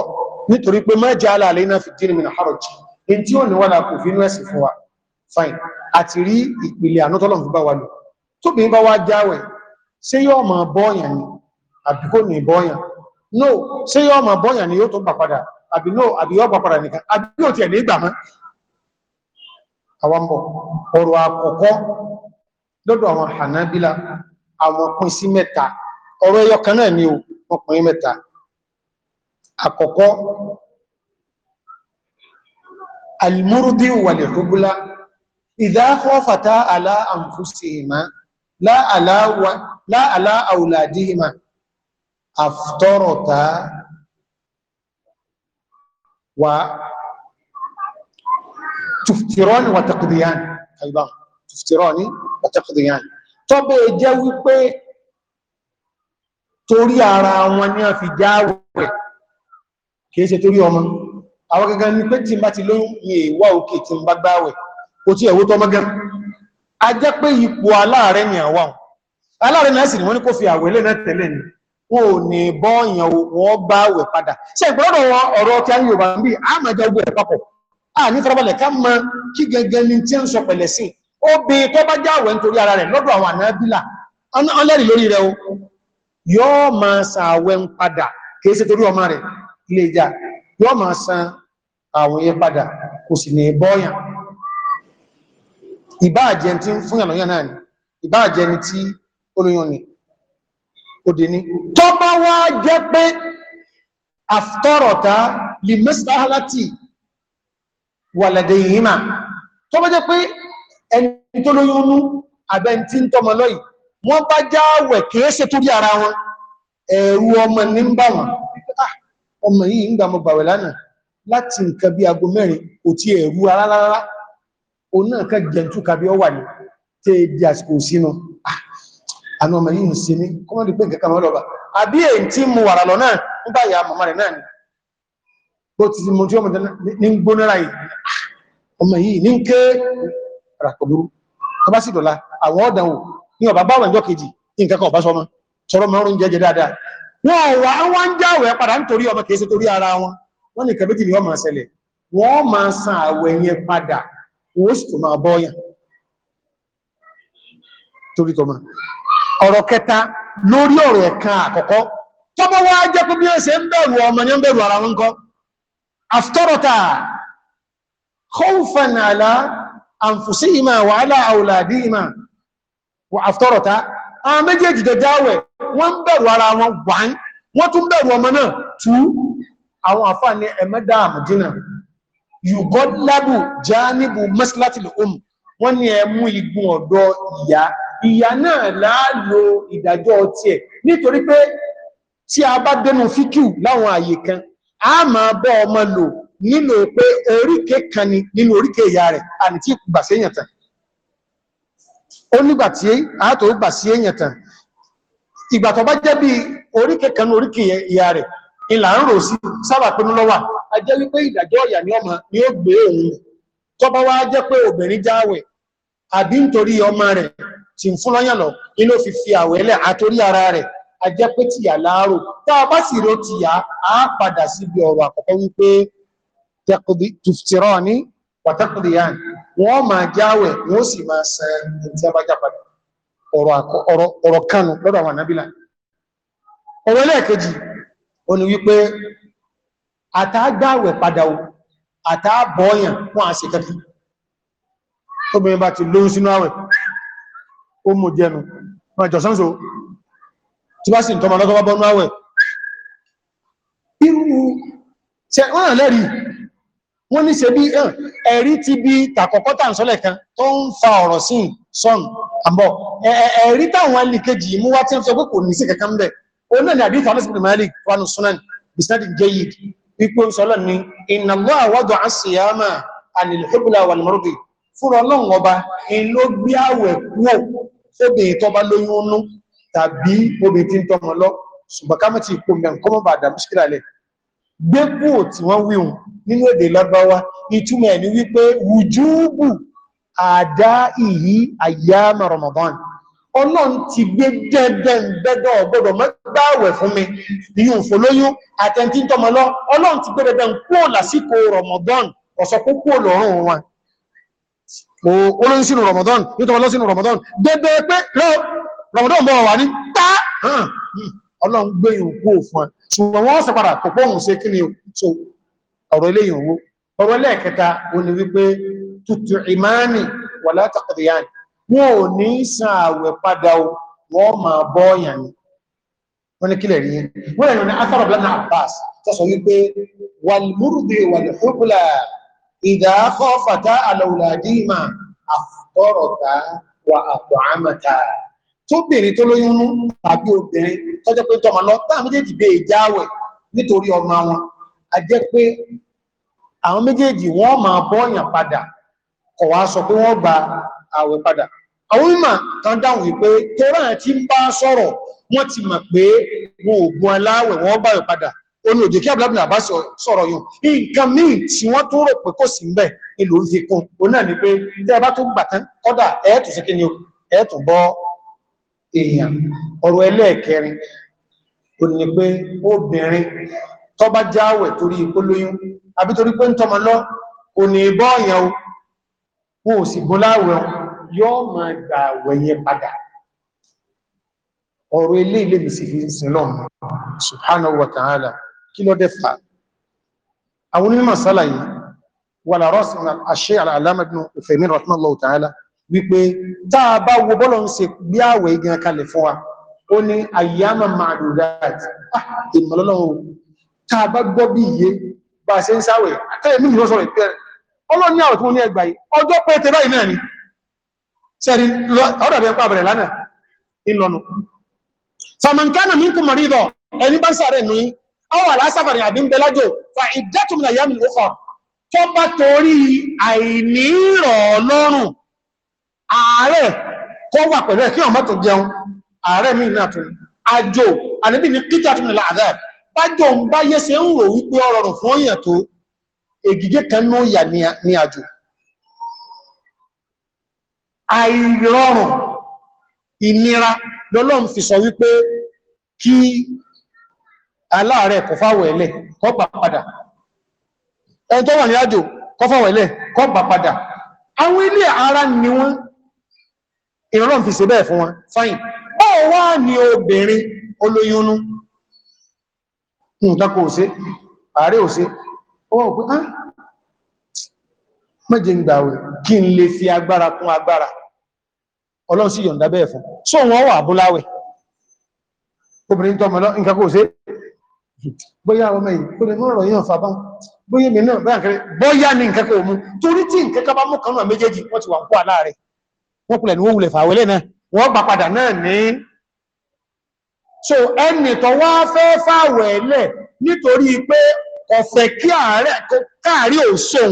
nítorí pé má jẹ́ alàlẹ́ náà fi dínmìnà harọ̀jì in tí ó níwọ́n kò fi inú ẹ̀sìn fún wa fine àti rí ìpìlẹ̀ ànútọ́lọ̀ fi bá wa lò tóbi bá wá jáwẹ̀ ṣé yóò mọ̀ bọ́ọ̀yàn ni àbí kò ní bọ́ọ̀yàn no ṣé yóò mọ̀ bọ́ọ̀yàn ni yóò tó gbà padà àbí no àbí yóò gbà padà nìkan àbí yóò tiẹ̀ ní ìgbà mọ́ àwọn ọ̀rọ̀ àkọ́kọ́ lọ́dọ̀ àwọn Hanabila àwọn pín sí mẹ́ta ọ̀rọ̀ ẹyọ kan náà ni o wọ́n mẹ́ta àkọ́kọ́ almurdi wal hubla إذا خافتا على أنفسهما لا على و... لا على أولادهما أفطرتا و تفتران وتقضيان أيضا تفتران وتقضيان طب جاوي بي torí ara wọn ní a fi jáwẹ̀ kìí ṣe torí ọmọ àwọn gẹ́gẹ́ ní pé tí n bá ti lóyún ní èèwà òkè tí n bá gbáwẹ̀ kò tí ẹ̀wó tọ́mọ́ gan a jẹ́ pé ipò aláàrẹ ni àwọn aláàrẹ náà sì ni wọ́n ní kó fi àwẹ̀ lè náà tẹ̀lé ni wọn ò ní bọ́ọ̀yàn wọ́n bá wẹ̀ padà ṣe ìgbọ́dọ̀ wọn ọ̀rọ̀ tí a ń ni tí ń àwọn ànábìlà o yóò máa san àwẹ̀ ń padà kìí ṣe torí ọmọ rẹ̀ ilé ìjà yóò máa san àwẹ̀ padà kò sì ní bọ́ọ̀yàn ìbáàjẹ́ tí ń fún ìyànlọ́yàn náà ni ìbáàjẹ́ ni tí olóyàn ni òdè ni tó bá wá jẹ́ pé àfitọ́rọ̀ta lè mẹ́sàálátì wàlẹ̀dẹ̀ ìhìmà tó bá jẹ́ pé ẹni tó lóyún nú àbẹ́ tí ń tọ́mọ lọ́yìn wọ́n bá jáwẹ̀ kéése tó rí ara wọn ẹ̀rù ọmọ ní ń wọn ah, ọmọ yìí ń gbàmọ̀ gbàwẹ̀ lánàá láti nǹkan bí aago mẹ́rin kò tí ẹ̀rù rárá òun náà kẹ́ jẹ̀ntú kàbí ọ wà ní tẹ́ di àsìkò sínú ah, àwọn ọmọ yìí ń se ní kọ́mọ́dé pé nǹkan kan lọ́ba àbí èyí tí mo wàrà lọ náà nígbà ìyá màmá rẹ̀ náà ni bó ti mo tí ọmọ ní ń gbónára ah, yìí ọmọ yìí ní ń ké ràkọ̀búrú tọ́bá sì dọ̀la àwọn ọ̀dànwò ní ọ̀bá bá wọ̀njọ́ kejì ní nǹkan kan ọ̀bá sọmọ sọ̀rọ̀ mọ́ oúnjẹ jẹ dáadáa wọn wà wọn ń jáwẹ̀ padà nítorí ọmọ kìí ṣe torí ara wọn wọn ní kẹbẹ́tì ni wọ́n máa ṣẹlẹ̀ wọ́n máa san àwẹ̀ yẹn padà wọ́n sì tó máa bọ́ọ̀yàn torí tọ́mà ọ̀rọ̀ kẹta lórí ọ̀rọ̀ ẹ̀kan àkọ́kọ́ tọ́bọ̀ wá jẹ́ pé bí ó ṣe ń bẹ̀rù ọmọ ní ń bẹ̀rù ara wọn kọ́ aftọ́rọ̀ta khawfan ala anfusihima wa ala auladihima wa aftọ́rọ̀ta àwọn méjèèjì jẹ jáwẹ̀ wọ́n bẹ̀rù ara wọn wọ́n tún bẹ̀rù ọmọ náà tú àwọn àfáà ní ẹ̀mẹ́dà àmàdínà yugọ́lábù jáníbù mẹ́sílátìlì omi wọ́n ní ẹmú igun ọ̀dọ̀ ìyá ìyá náà láàlò ìdájọ́ ọtí ẹ̀ nítorí pé tí a bá dẹnu fíkíù láwọn àyè kan a máa bọ́ ọmọ lò nílò pé oríkè kan ni nínú oríkè ìyá rẹ̀ àni tí gbà sí èyàn tàn ó nígbà tí a tó gbà sí èyàn tàn ìgbà tó bá jẹ́ bí oríkè kan ní oríkè ìyá rẹ̀ ìlà ń rò sí sábà pinnu lọ́wà a jẹ́ wípé ìdájọ́ ọ̀yà ní ọmọ ni ó gbé òun tó bá wá jẹ́ pé obìnrin jáwẹ̀ àbí nítorí ọmọ rẹ̀ tí ń fún lọ́yànà inú fi fi àwẹ̀lẹ̀ àtorí ara rẹ̀ a jẹ́ pé tìyà láàárò tá a bá sì ro tìyà á padà síbi ọ̀rọ̀ àkọ́kọ́ wípé tuftirọ́ ní pàtàkùnrin wọ́n máa jáwẹ̀ wọ́n àtàgbàwẹ̀ padà o àtàbọ̀ọ̀yàn wọ́n a sì kẹ́kẹ́ obìnrin bá ti lóyún sínú àwẹ̀ ó mú jẹnu wọ́n jọ sánsò tí bá sì tọ́mọ̀ lọ́gọ́ bọ́nú àwẹ̀ irú ṣe wọ́n rẹ̀ lẹ́rí wọ́n ní ṣe bí ẹ̀rí ti bí tàkọ́kọ́ tàǹsọ́lẹ̀ kan tó ń fa ọ̀rọ̀ sí sọ́n àbọ̀ ẹ̀rí táwọn alìkejì mú wá tí ń sọ pé kò ní sí kẹ̀kẹ́ ń bẹ̀ ó náà ni àdífà wípé ń sọ́lọ́ ní inna Allaha wada'a as-siyama anil hubla wal mardi fún ọlọ́run ọba in ló gbé àwẹ̀ kúò sóbi ìtọ́ba lóyún ọnú tàbí obì tí ń tọmọ lọ ṣùgbọ́n ká mẹ́tì ipò ọlọ́run ti gbé jẹ́ẹ̀dẹ́ gbẹ́dọ̀ ọgbọ́dọ̀ mẹ́gbàwẹ̀ fún mi yíò fòlóyún àtẹ́ntí tọmọ lọ ọlọ́run ti gbé jẹ́ẹ̀dẹ́ kúrò lásìkò Ramadan ọ̀sọ̀ púpọ̀ lọ́rùn wọn olóyún sínú Ramadan nítọmọ lọ sínú Ramadan gbẹ́gbẹ́ pé Ramadan bọ̀ wà ní tá ọlọ́run gbé ìhùnkú fún ṣùgbọ́n wọ́n sọ padà pọ̀pọ̀ òun ṣe kí ni ọ̀rọ̀ eléyìn owó ọ̀rọ̀ ẹlẹ́ẹ̀kẹta òní wípé tutù ìmáàni wà látàkùdíyàní wọn ò ní san àwẹ̀ padà wọ́n máa bọ́ ọ̀yàn ni wọ́n ní kílẹ̀ rí wọ́n lẹ́nu ní afẹ́rọ̀ blanc abbas tọ́sọ wípé wàlmúrùdì wàlhúbùlà ìdákọ́ fàtà àlàwùlàdìmà àfọ́rọ̀ta wà àpò àmàta tóbìnrin tó lóyún àwọn méjèèjì wọ́n máa bọ́ọ̀yàn padà kọ̀ sọ pé wọ́n gba àwẹ̀ padà àwọn mímọ̀ tán dáhùn wípé torá tí ń bá sọ̀rọ̀ wọ́n ti mọ̀ pé wọn ò gun aláwẹ̀ wọ́n báyọ̀ padà ó ní òjò kí abúlábìnà bá sọ̀rọ̀ yóò nǹkan míì tí wọ́n tó rò pé sí ń bẹ̀ ìlò ń fi kún ó náà ni pé tẹ́ bá tó gbà tán kọ́dà ẹ̀ẹ́tù sí kíni ẹ̀ẹ́tù bọ́ èèyàn ọ̀rọ̀ ẹlẹ́ẹ̀kẹrin ó ní pé obìnrin tó bá jáwẹ̀ torí ìpolóyún àbí torí pé ń tọmọ lọ kò ní bọ́ ọ̀yàn wọn ò sì bọ́ láwẹ̀ wọn yóò máa gbà wẹ̀yẹ padà ọ̀rọ̀ ilé ilé mi sì fi ń sin lọ́nà subhanahu wa ta'ala kí ló dẹ́fà àwọn onímọ̀ sálàyé wà lárọ́ sí àṣẹ àlàmà ibn Uthaymin rahimahullahu ta'ala wípé táa bá wo bọ́lọ̀ ń ṣe bí àwẹ̀ igan kalẹ̀ fún wa ó ní ayyama ma'dudat ah, ìmọ̀lọ́lọ́wọ́ táa bá gbọ́ bí iye sẹ́rí ọ̀rọ̀ rẹ̀ pàbẹ̀rẹ̀ lánàá ìlọ́nà fàmàǹkánà mínkù mọ̀rídọ̀ ẹni bá ń sàárẹ̀ ní ọwà lásàbàrì àbí ń bẹ lájò fa ìdẹ́tùmìnà yàmì lófà tó bá torí àìnírọ̀ lọ́rùn ààrẹ kó wà pẹ̀lú ẹ̀kí ọmọ tó jẹun ààrẹ mi náà tún àjò àníbì ní kíkà tún nílà àdáà bájò ń bá yẹ́ se ń rò wípé ọrọ̀rùn fún òyìn tó ègìgé kan ní àjò àìrọrùn ìnira lọ́lọ́run fi sọ wípé kí aláàrẹ̀ kọ fáwẹ̀ẹ́lẹ̀ kó gbà padà ẹni tó wà ní àjò kọ fáwẹ̀ẹ́lẹ̀ kó gbà padà àwọn ilé ara ni wọ́n ìrọ̀lọ́run fi ṣe bẹ́ẹ̀ fún wọn fáyìn bọ́ wá ní obìnrin olóyúnú mẹ́jẹ̀ ah, ń gbàwẹ̀ kí n lè fi agbára kún agbára ọlọ́run sí yọ̀ǹda bẹ́ẹ̀ fún so wọ́n wà búláwẹ̀ obìnrin tọ́mọ lọ nǹkan kò sí bóyá ọmọ yìí kò lè mú ọ̀rọ̀ yàn fà bán bóyá mi náà bóyá kẹrẹ bóyá ní nǹkan kò mú torí tí nǹkan ká bá mú kanú àméjèèjì wọ́n ti wà ń kó aláàrẹ̀ wọ́n kulẹ̀ ní wọ́n wulẹ̀ fàwẹ́lẹ̀ náà wọ́n gbà padà náà ní so ẹnì tó wá fẹ́ fàwẹ́lẹ̀ nítorí pé ọ̀fẹ́ kí àárẹ̀ káàrí òṣòun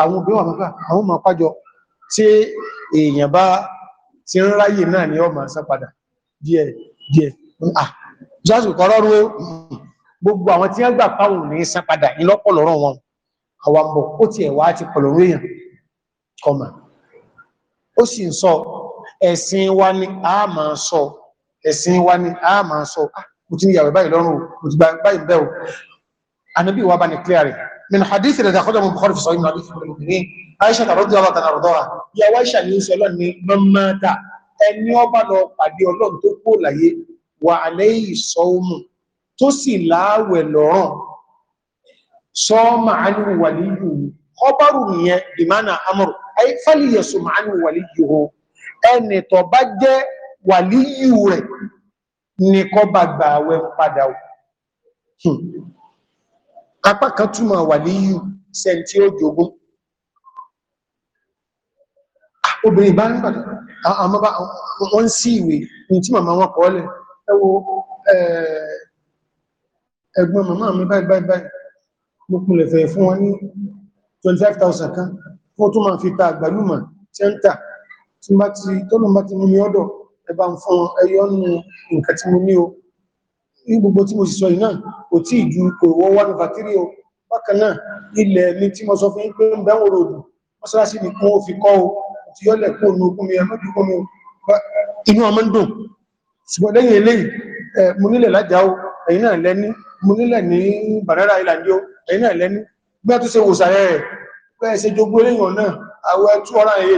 àwọn obìnrin wà mọ́fà àwọn ọmọ pàjọ tí èèyàn bá ti ń ráyè náà ni ọmọ sán padà díẹ̀ díẹ̀ ah jásù kọ́rọ́ rú gbogbo àwọn tí wọ́n gbà páwọn ní sán padà ìlọ́pọ̀lọ́rọ̀ wọn àwàbọ̀ ó ti ẹ̀wà ti pọ̀lọ̀rọ̀ èèyàn kọmà ó sì ń sọ ẹ̀sìn wa a máa sọ ẹ̀sìn a máa sọ mo ti ní ìyàwó báyìí lọ́rùn mo o ànábì wa من حديث الذي أخرجه البخاري في صحيح من حديث أم المؤمنين عائشة رضي الله عنها وأرضاها يا عائشة ni ó sọ lọ́nà ni man mata ẹni ó bá lọ pàdé Ọlọ́run tó kú láyé wa alayhi sawm tó sì láàwẹ̀ lọ́rùn sọ́ọ́mà ánú wàlíyù ọbárù nìyẹn ìmánà amúrù fàlìyẹ̀sùn ánú wàlíyù ẹni tó bá jẹ́ wàlíyù rẹ̀ nìkan bá gbà àwẹ̀ padà apá kan túmọ̀ wàlíyù sẹ́n tí ó jogún ah, obìnrin bá ń pàdé àmọ́ bá wọ́n sí ìwé ní tí màmá wọn kọ́ lẹ̀ ẹwọ ẹ̀gbọ́n màmá mi báyìí báyìí báyìí mo kúnlẹ̀ fẹ́ fún wọn ní 25,000 kan fún tó máa fi ta àgbàlùmọ̀ tẹ́ntà tí bá ti mú ní ọ̀dọ̀ ẹ̀bá fún ẹyọ́ nǹkan tí mo ní o ní gbogbo tí mo sì sọ yìí náà kò tí ìjú kò wọ́n wá ní fàtírí o bákan náà ilẹ̀ mi tí mo sọ fún pé ń bẹ́wọ̀n ròdù mọ́sálásí ni kún ó fi kọ́ o ti yọ́lẹ̀ kún òun okún mi ẹmọ́jú kún mi inú ọmọ ń dùn ṣùgbọ́n lẹ́yìn eléyìí mo ní Banana Island o ẹ̀yin náà lẹ́ni bí a tún ṣe wò sàrẹ́ rẹ̀ bẹ́ẹ̀ ṣe jogbo eléyàn náà àwọ̀ ẹtú ọ̀rá ẹ̀yẹ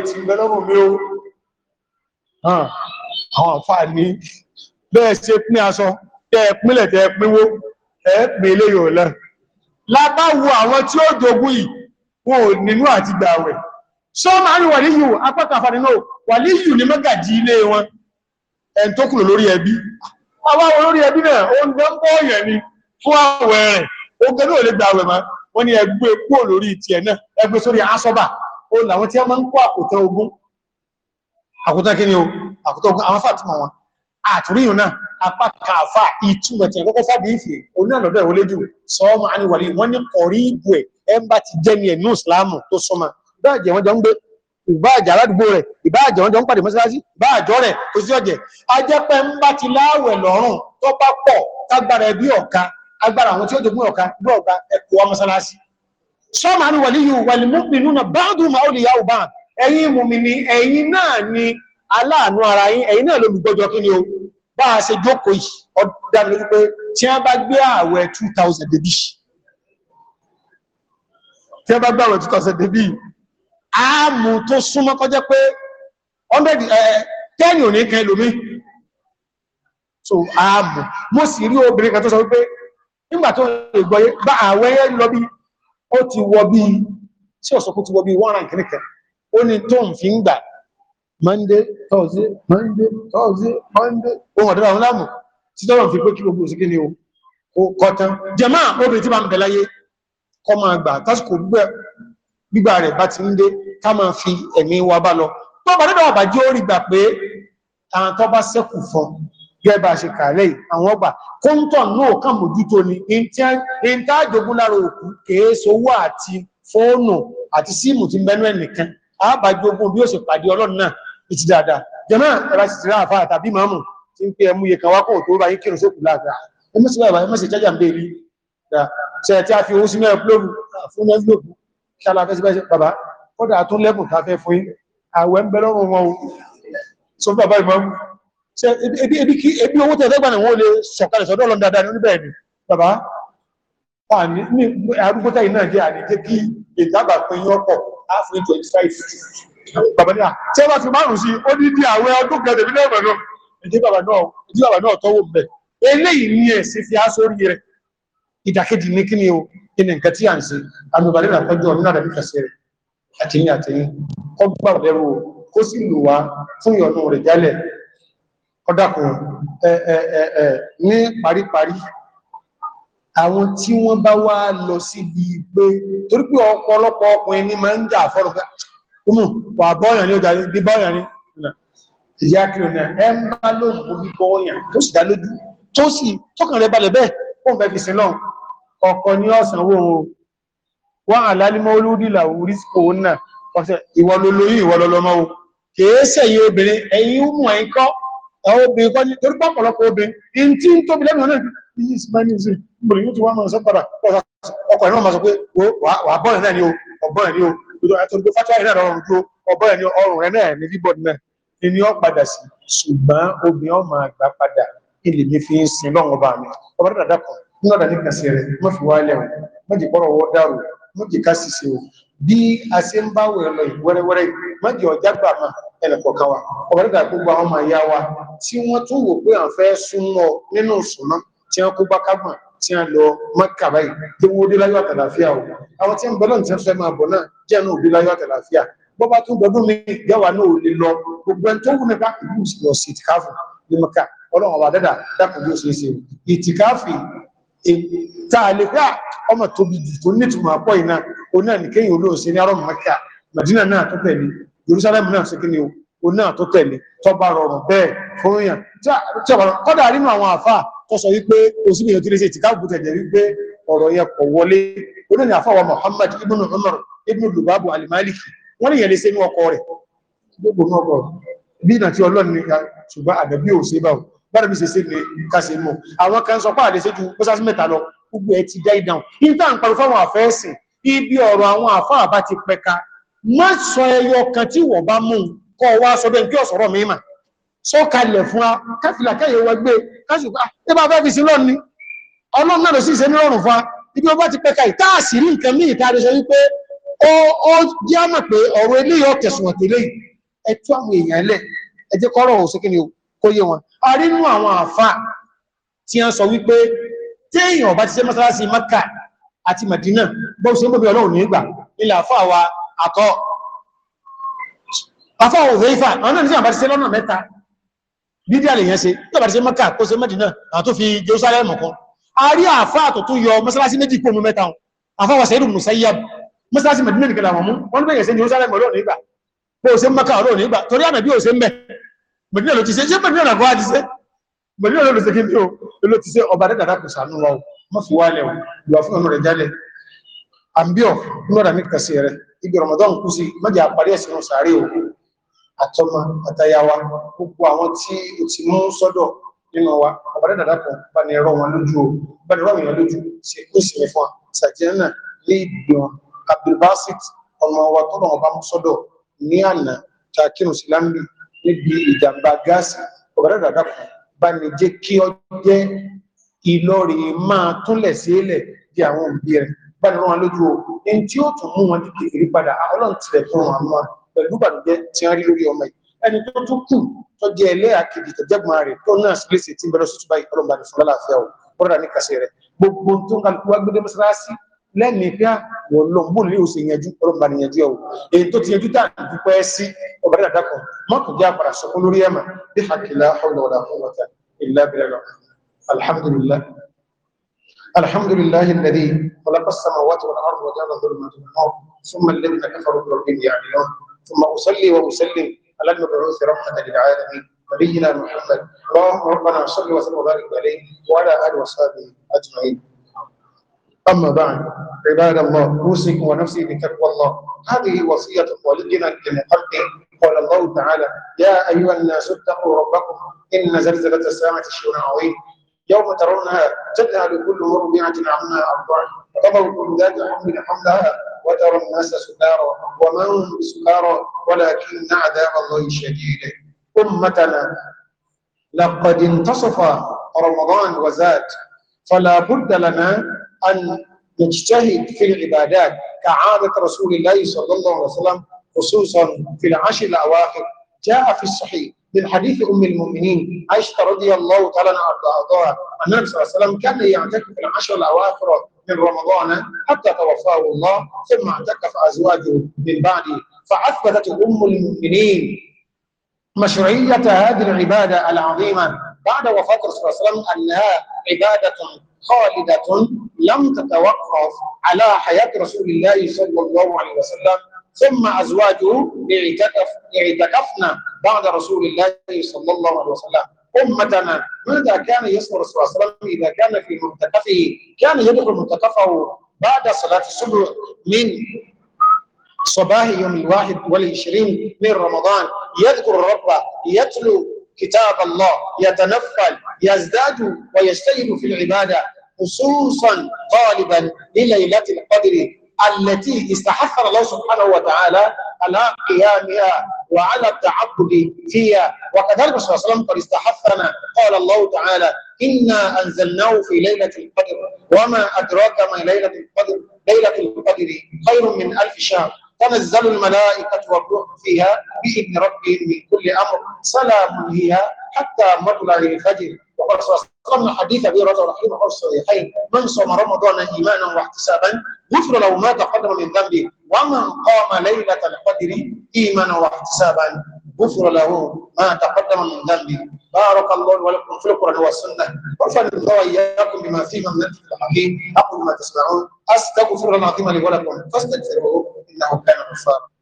bẹ́ẹ̀ ṣe pín aṣọ tẹ́ pínlẹ̀ tẹ́ pínwó ẹ̀ẹ́pìn eléyìí ò lẹ́ lábá wo àwọn tí ó jogún yìí wọn ò nínú àti gbàwẹ̀ so máa ní wàlíyù apákàfà nínú wàlíyù ní mọ́gàjí ilé wọn ẹn tó kùnà lórí ẹbí ẹbí náà ó ń bọ́ ni fún àwẹ̀ rẹ̀ ó gẹ́ gbàwẹ̀ ma wọ́n ní ẹgbẹ́ kúrò lórí tiẹ̀ náà ẹgbẹ́ sórí asọ́bà ó làwọn tí wọ́n máa ń kó àkótán àkótán kí ni o àkótán àwọn wọn àtúríyàn náà apá kàáfà ìtumọ̀ tí àkọ́kọ́ fàbí ìfẹ́ onínàlọ́dọ̀ ẹ̀wọ́ léjù sọ́ọ́mà àníwàlì wọ́n ní kọ̀rí ìbù ẹ̀ ẹmbà ti jẹ́ ní ẹ̀nú ìsìláàmù tó sọ́mà báàjẹ́ wọ́n jọ ń gbé ìbáàjẹ́ aládùúgbò rẹ̀ ìbáàjẹ́ wọ́n jọ ń pàdé mọ́sálásí báàjọ́ rẹ̀ kò sí ọ̀jẹ̀ ajẹ́pẹ́ ń bá ti láwẹ̀ lọ́rùn tó bá pọ̀ tágbára ẹbí ọ̀ka agbára àwọn tí ó jogún ọ̀ka bí ọ̀ka ẹ̀kọ́ mọ́sálásí sọ́ọ́mà àníwàlì yìí wàlì mú pinnu náà báàdùn máa ó lè yá ò báà ẹ̀yin mùmìnì ẹ̀yin náà ni aláàánú ara yín ẹ̀yin náà lólùgbọ́jọ kí ni o bá a ṣe jókòó yìí ọdún wípé tí wọ́n bá gbé ààwẹ̀ 2000 débì tí wọ́n bá gbé ààwẹ̀ 2000 débì áàmù tó súnmọ́ kọjá pé 10 ò kan ẹlòmí so ààbò mo sì rí obìnrin kan tó sọ wípé nígbà tó lè gbọ́yé bá ààwẹ̀ yẹn lọ bí ó ti wọ bí tí ọ̀sọ̀kú ti wọ bí wọ́n ràn kìnnìkan ó ní tó ń fi ń gbà Monday Thursday Monday Thursday Monday ohun ọ̀dọ́dọ̀ àwọn láàmù tí tọ́lọ̀ fi pé kí gbogbo òsìkí ni o kọtán jẹmọ́ obìnrin tí bá ń bẹ̀láyé kọ máa gbà tásìkò gbígbà rẹ̀ bá ti ń dé ká máa fi ẹ̀mí wa bá lọ tó bá dọ́dọ̀ àbájí ó rí gbà pé àwọn tó bá sẹ́kù fún gẹ́bà ṣe kààrẹ àwọn ọgbà kóńtọ̀ náà kàn mójútó ni in tá jogún lára òkú kèéso wà àti fóònù àti síìmù ti bẹnu ẹnìkan àbájogún bí ó sì pàdé ọlọ́run náà ìtì dáadáa jẹmọ́ ẹ̀rá sì ti rá àfáà tàbí mọ́mù tí ń pé ẹmú yẹ kan wákọ̀ tó bá yí kírùn sókù láàgbà ẹmọ́sílẹ̀ ìbáyé mọ́sí jẹ́jà ń bèèrè ṣe tí a fi owó sínú ẹ̀blóòrù fún ẹ̀blóòrù ṣàlà fẹ́sibẹ́sẹ̀ bàbá kọ́dà tún lẹ́bùn ká fẹ́ fún àwẹ̀ ń bẹ lọ́rùn wọn sọ fún bàbá ìmọ̀ ṣe ebi owó tẹ̀ fẹ́gbà wọn lè sọ̀kalẹ̀ sọ́dọ̀ lọ dáadáa ní arúgbótá iná jẹ́ àdíjẹ́ kí ìdábà pín yọ́pọ̀ 25 bàbá ní à tí ẹ bá fi márùn sí ó ní di àwẹ̀ ọdún kan tèmi náà mọ̀nà ìdí bàbá náà ìdí bàbá náà tọ́wọ́ bẹ̀ eléyìí ni ẹ̀sìn fi á sórí rẹ̀ ìdàkejì ní kí ni o kí ni nǹkan tí à ń ṣe àmì ìbàlẹ̀ náà tọ́jú ọ̀nà àdàbí kẹsẹ̀ rẹ̀ àtẹ̀yìn àtẹ̀yìn kọ́ gbà bẹ̀rù kó sì lù wá fún ìyọnu rẹ̀ jálẹ̀ ọ̀dàkùn ní paríparí àwọn tí wọ́n bá wá lọ síbi pé torí pé ọ̀pọ̀lọpọ̀ ọkùnrin ní máa ń jà fọ́rọ̀ kúmù wà bọ́ọ̀yàn ní ọjà bí bọ́ọ̀yàn ní ìyá kìrò náà ẹ ń bá lóògbò bí bọ́ọ̀yàn tó sì dá lójú tó sì tọ́kàn rẹ̀ balẹ̀ bẹ́ẹ̀ ó ń fẹ́ fi sin náà ọkọ̀ ní ọ̀sán wo wọn àlálímọ́ olórí làwọn orísìkò náà ọ̀sẹ̀ ìwọ ló lóyún ìwọ ló lọ́mọ o kìí obìnrin ẹ̀yìn ó ẹ̀yìn kọ́ àwọn kọ́ ní torí pọ̀pọ̀lọpọ̀ torí pé fatuwa yìí náà rọrùn ju ọbọ ẹni ọrùn rẹ náà ní bíbọ náà ni ni ó padà sí ṣùgbọ́n obìnrin ọmọ àgbà padà ilé mi fi ń sin lọ́wọ́ bá mi ọba tó dàda kan nínú ọ̀dà nípa sí rẹ má fi wá lẹ́wọ̀n má jẹ́ kọ́rọ̀ wọ́ dàrú má jẹ́ ká sì ṣe o bí a ṣe ń bá wẹ̀ lọ yìí wẹ́rẹ́wẹ́rẹ́ má jẹ́ ọjà gbà má ẹnìkọ̀ọ̀kan wa ọba dàda gbogbo àwọn ọmọ ìyá wa tí wọ́n tún wò pé à ń fẹ́ súnmọ́ nínú ìsúná tí wọ́n kó bá kágbọ̀n tí a lọ mọ́kà báyìí tí wọ́n dé láyọ̀ àtàlàfíà o àwọn tí ń bọ́ náà tí ń fẹ́ máa bọ̀ náà jẹ́ náà òbí láyọ̀ àtàlàfíà bọ́ bá tún gbọdún mi yàwá náà ò lè lọ gbogbo ẹni tó wù mí bá kù lọ sí ìtìkáfù ní mọ́kà ọlọ́run ọba dẹ́dà dákun bí ó ṣe ṣe ìtìkáfù tá a lè gbà ọmọ tóbi jù tó nítumọ̀ àpọ̀ iná oná ní kéyìn olóò sí ní arọ́ mọ́kà Màdínà náà tó tẹ̀lé Jerusalem náà ṣe kí ni o náà tó tẹ̀lé tó bá rọrùn bẹ́ẹ̀ fún yàn tí a bá rọrùn kọ́dà nínú àwọn kó sọ wípé òsìmí yóò tílé sí ti káàkù tẹ̀lẹ̀ wípé ọ̀rọ̀ yẹ kọ̀ wọlé olóòní àfáwà Muhammad ibn Umar ibn Lubabu alimaliki wọ́n ní yẹ̀lẹ́sẹ́ ní ọkọ̀ rẹ̀ gbogbo ọkọ̀ bí ìnà tí ọlọ́ni ṣùgbọ́n àdàbí ò sí báwọn bára bí sèse ní kásẹ̀ mọ́ àwọn kan sọ pàdé séjú pósásí mẹ́ta lọ gbogbo ẹ ti dáì dáun ìta ń parọ́ fáwọn àfẹ́ẹ̀sìn ibi ọ̀rọ̀ àwọn àfáà bá ti pẹka má sọ ẹyọ kan tí wọ́n bá mú kọ́ wá sọ bẹ́ẹ̀ kí ọ̀sọ̀rọ̀ mímọ̀ sọ́kalẹ̀ fún a káfìlà káyẹ̀ wọ gbé káṣùgbà ẹbá fẹ́ fi sí lọ́ni ọlọ́run náà sí ìṣẹ́ nírọ̀rùn fún a ibi ọba ti pẹ́ka ìtaàsì rí nǹkan ní ìtaàrí sọ wípé ó jẹ́ àmà pé ọ̀rọ̀ eléyọ̀ tẹ̀sùn ọ̀tẹ̀lẹ̀ ẹtú àwọn èèyàn lẹ̀ ẹjẹ́ kọ́rọ̀ òsì kí ni kó yé wọn a rí nú àwọn àfà tí a sọ wípé téèyàn ọba ti ṣe mọ́sálásí Maka àti Madina bó ṣe mọ́bí ọlọ́run nígbà nílẹ̀ àfà wa àtọ́ àfà òfèéfà àwọn náà ní sí àbáṣiṣẹ́ lọ́nà mẹ́ta dídí àlèyàn se tọ́bà ṣe mọ́kà kó ṣe mẹ́dínà àtó fi Jerusalem kan a rí àfáà tó tún yọ mọ́sálásí méjì kó mú mẹ́ta àfáwà sẹ́rù musayyab mọ́sálásí mẹ́dínà nìkan àwọn mú wọ́n ní bẹ̀yẹ̀ sí Jerusalem ọlọ́run nígbà bó ṣe mọ́kà ọlọ́run nígbà torí àmì bí ó ṣe mẹ́ mẹ́dínà ló ti ṣe ṣe mẹ́dínà kọ́ àti ṣe mẹ́dínà ló ṣe kí ni ó ló ti ṣe ọba dẹ́dàdà kò sànú wa mọ́ fi wá lẹ̀ wà fún ọmọ rẹ̀ jálẹ̀ àmbíọ̀ nínú ọ̀dà mi kà sí rẹ̀ ibi Ramadan kú sí mọ́jà àparí ẹ̀sìn sàárè òkú àtọmọ àtayáwa gbogbo àwọn tí o ti mú sọ́dọ̀ nínú wa ọ̀bàdàn dàdà kan bá ní ẹ̀rọ wọn lójú o bá ní ẹ̀rọ wọn lójú sí kó sì mí fún wa sàjẹ́nà lè gbìyàn abdulbasit ọmọ wa tọ́lọ̀ wọn bá mú sọ́dọ̀ ní àná takiru silambi níbi ìjàmbá gáàsì ọ̀bàdàn dàdà kan bá ní jẹ́ kí ọ jẹ́ ìlọrin máa túnlẹ̀ sílẹ̀ di àwọn òbí rẹ̀ bá ní ẹ̀rọ wọn lójú o ẹni tí ó tún mú wọn pẹ̀lú bànújẹ́ tí wọ́n rí lórí ọmọ yìí ẹni tó tún kù tó jẹ́ ẹlẹ́ àkejì tó rẹ̀ tó náà sì léṣe tí bẹ̀rẹ̀ sọ́tún báyìí ní fúnlá àfíà o bọ́dà ní kàṣẹ rẹ̀ gbogbo tó ń kálukú wá gbédé mọ́sálásí lẹ́mìí pé wọ́n lọ bóun ní oṣù yanjú ọlọ́mọba ní yanjú ọ̀hún èyí tó ti yanjú tá à ń dúpẹ́ sí ọba dàda kan mọ́tò jẹ́ àpàrà sọ́kún lórí ẹ̀mà bí hakilá ọlọ́wọ́dà ìlà bẹ̀rẹ̀ alhamdulillah الحمد لله الذي خلق السماوات والارض وجعل ثم الذين كفروا بربهم يعدلون ثم أصلي وأسلم على المبعوث رحمة للعالمين نبينا محمد اللهم ربنا صل وسلم وبارك عليه وعلى آله وصحبه أجمعين أما بعد عباد الله أوصيكم ونفسي بتقوى الله هذه وصية والدنا لمقدم قال الله تعالى يا أيها الناس اتقوا ربكم إن زلزلة الساعة شيء عظيم يوم ترونها تجعل كل مربعه عما أرضعت وتضع كل ذات حمل حملها وترى الناس سكارى وما هم بسكارى ولكن عذاب الله شديد أمتنا لقد انتصف رمضان وزاد فلا بد لنا أن نجتهد في العبادات كعادة رسول الله صلى الله عليه وسلم خصوصا في العشر الأواخر جاء في الصحيح من حديث أم المؤمنين عائشة رضي الله تعالى عنها النبي صلى الله عليه وسلم كان يعتكف العشر الأواخر من رمضان حتى توفاه الله ثم اعتكف أزواجه من بعده فأثبتت أم المؤمنين مشروعية هذه العبادة العظيمة بعد وفاة الرسول صلى الله عليه وسلم أنها عبادة خالدة لم تتوقف على حياة رسول الله صلى الله عليه وسلم ثم أزواجه اعتكفنا بعد رسول الله صلى الله عليه وسلم أمتنا ماذا كان يصنع الرسول صلى الله عليه وسلم إذا كان في منتكفه كان يدخل منتكفه بعد صلاة الصبح من صباح يوم الواحد والعشرين من رمضان يذكر ربه يتلو كتاب الله يتنفل يزداد ويجتهد في العبادة خصوصا طالبا لليلة القدر التي استحثنا الله سبحانه وتعالى على قيامها وعلى التعبد فيها وكذلك صلى الله عليه وسلم قد استحثنا قال الله تعالى إنا أنزلناه في ليلة القدر وما أدراك ما ليلة القدر ليلة القدر خير من ألف شهر تنزل الملائكة والروح فيها بإذن ربهم من كل أمر سلام هي حتى مطلع الفجر وقد فصلنا حديث ابي رضا رحيم عنه في الصحيحين من صام رمضان ايمانا واحتسابا غفر له ما تقدم من ذنبه ومن قام ليله القدر ايمانا واحتسابا غفر له ما تقدم من ذنبه بارك الله ولكم في القران والسنه ورفعني الله واياكم بما فيه من ذنب الحكيم اقول ما تسمعون استغفر الله العظيم لي ولكم فاستغفروه انه كان غفارا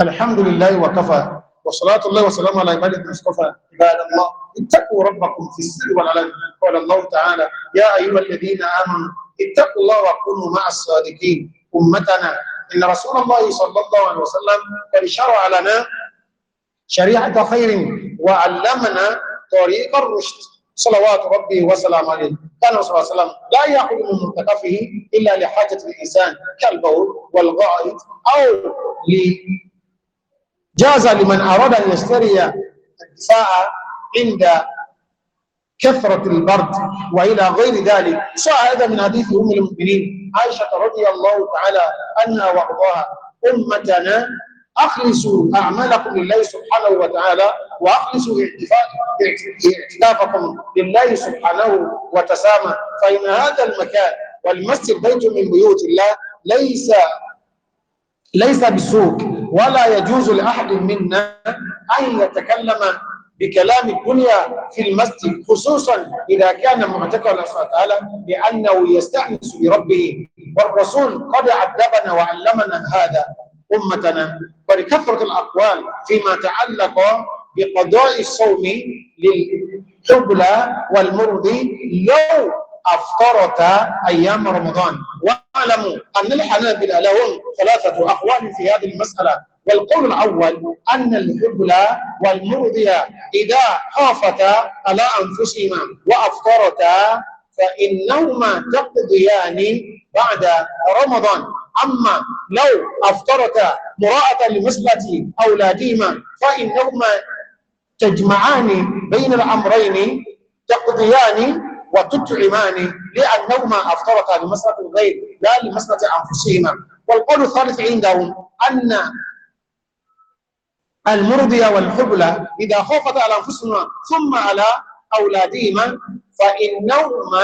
الحمد لله وكفى وصلاة الله وسلامه على عباد المصطفى عباد الله اتقوا ربكم في السر والعلن قال الله تعالى يا أيها الذين آمنوا اتقوا الله وكونوا مع الصادقين أمتنا إن رسول الله صلى الله عليه وسلم قد شرع لنا شريعة خير وعلمنا طريق الرشد صلوات ربي وسلامه عليه كان صلى الله عليه وسلم لا يأخذ من منتكفه إلا لحاجة الإنسان كالبول والغائط أو جاز لمن أراد أن يشتري الدفاع عند كثرة البرد وإلى غير ذلك شاء هذا من حديث أم المؤمنين عائشة رضي الله تعالى عنها وارضاها أمتنا أخلصوا أعمالكم لله سبحانه وتعالى وأخلصوا اعتكافكم لله سبحانه وتسامى فإن هذا المكان والمسجد بيت من بيوت الله ليس ليس بالسوق ولا يجوز لأحد منا أن يتكلم بكلام الدنيا في المسجد خصوصا إذا كان معتكرا الله سبحانه وتعالى لأنه يستأنس بربه والرسول قد عذبنا وعلمنا هذا أمتنا ولكثرة الأقوال فيما تعلق بقضاء الصوم للحبلى والمرضي لو أفطرت أيام رمضان اعلم أن الحنابلة لهم ثلاثة أقوال في هذه المسألة والقول الأول أن الحبلى والمرضية إذا خافتا على أنفسهما وأفطرتا فإنهما تقضيان بعد رمضان أما لو أفطرتا مراءة لمسألة أولادهما فإنهما تجمعان بين الأمرين تقضيان وتطعمان لأنهما أفطرتا لمسألة الغيب لا لمصلحة أنفسهما والقول الثالث عندهم أن المرضية والحبلى إذا خافت على أنفسهما ثم على أولادهما فإنهما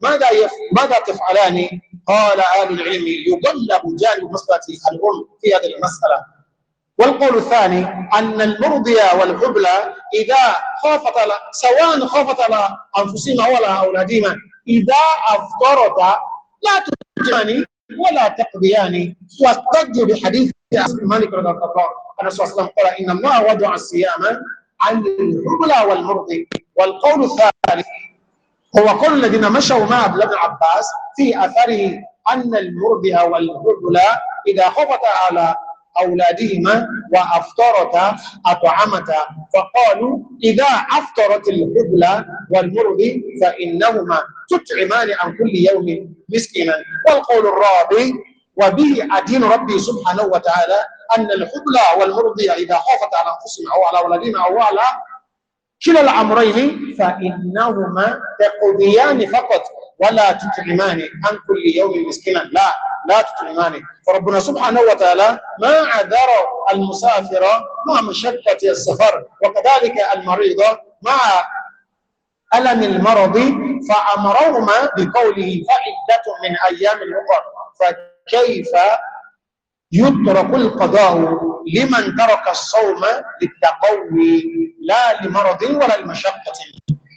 ماذا يف... ماذا تفعلان؟ قال أهل العلم يقلب جانب مصلحة الأم في هذه المسألة والقول الثاني أن المرضية والحبلى إذا خافت على سواء خافت على أنفسهما ولا أولادهما إذا أفطرتا لا تطيعاني ولا تقضياني واستجوا بحديث مالك رضي الله عنه أن صلى الله قال إن الله وضع الصيام عن الهبل والمرض والقول الثالث هو كل الذين مشوا مع ابن عباس في أثره أن المربع والهبل إذا خفت على أولادهما وأفطرتا أطعمتا فقالوا إذا أفطرت الهبلة والمرضي فإنهما تطعمان عن كل يوم مسكينا والقول الرابع وبه أدين ربي سبحانه وتعالى أن الحبلى والمرضية إذا خافت على أنفسهم أو على ولدهم أو على كلا الأمرين فإنهما تقضيان فقط ولا تطعمان عن كل يوم مسكينا لا لا تطعمان فربنا سبحانه وتعالى ما عذر المسافر مع مشقة السفر وكذلك المريض مع ألم المرض فأمرهما بقوله فعدة من أيام الأخرى فكيف يترك القضاء لمن ترك الصوم للتقوي لا لمرض ولا لمشقة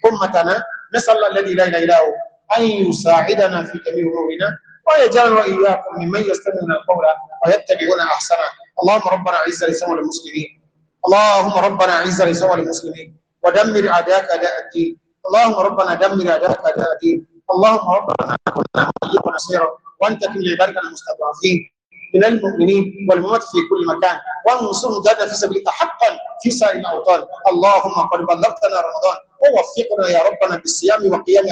أمتنا نسأل الله الذي لا إله إلا هو أن يساعدنا في جميع أمورنا ويجعلنا وإياكم ممن يستمعون القول ويتبعون أحسنه اللهم ربنا أعز الإسلام والمسلمين اللهم ربنا أعز الإسلام والمسلمين ودمر أعداءك أعداء الدين اللهم ربنا دمر دمك اعداء اللهم ربنا كنا وليك نصيرا وانت كل عبادك المستضعفين من المؤمنين والموت في كل مكان وانصر مجاهدا في سبيلك حقا في سائر الاوطان اللهم قد بلغتنا رمضان ووفقنا يا ربنا بالصيام وقيام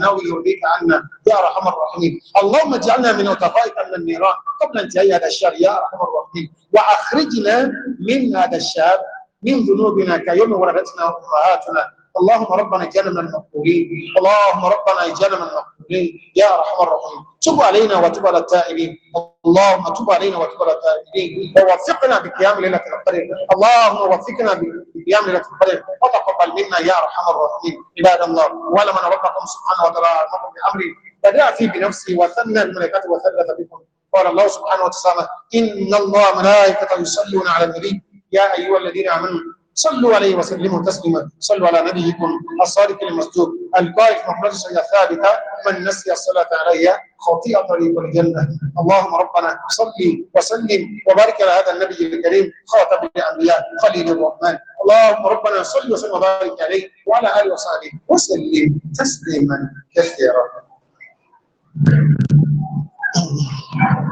ناوي يرضيك عنا يا ارحم الراحمين اللهم اجعلنا من عتقائك من النيران قبل انتهاء هذا الشهر يا ارحم الراحمين واخرجنا من هذا الشهر من ذنوبنا كيوم ولدتنا وامهاتنا اللهم ربنا اجعلنا من المقبولين اللهم ربنا اجعلنا من المقبولين يا ارحم الراحمين تب علينا وتب على التائبين اللهم تب علينا وتب على التائبين ووفقنا بقيام ليله القدر اللهم وفقنا بقيام ليله القدر وتقبل منا يا ارحم الراحمين عباد الله واعلم ان ربكم سبحانه وتعالى امركم بامري بدا في بنفسي وثنى الملائكه وثلث بكم قال الله سبحانه وتعالى ان الله ملائكته يصلون على النبي يا ايها الذين امنوا صلوا عليه وسلموا تسليما صلوا على نبيكم الصادق المصدوق القائف محمد الشيء الثابتة من نسي الصلاة عليها خطيئة طريق الجنة اللهم ربنا صل وسلم وبارك على هذا النبي الكريم خاتم الأنبياء خليل الرحمن اللهم ربنا صل وسلم وبارك عليه وعلى آله وصحبه وسلم تسليما كثيرا Thank you.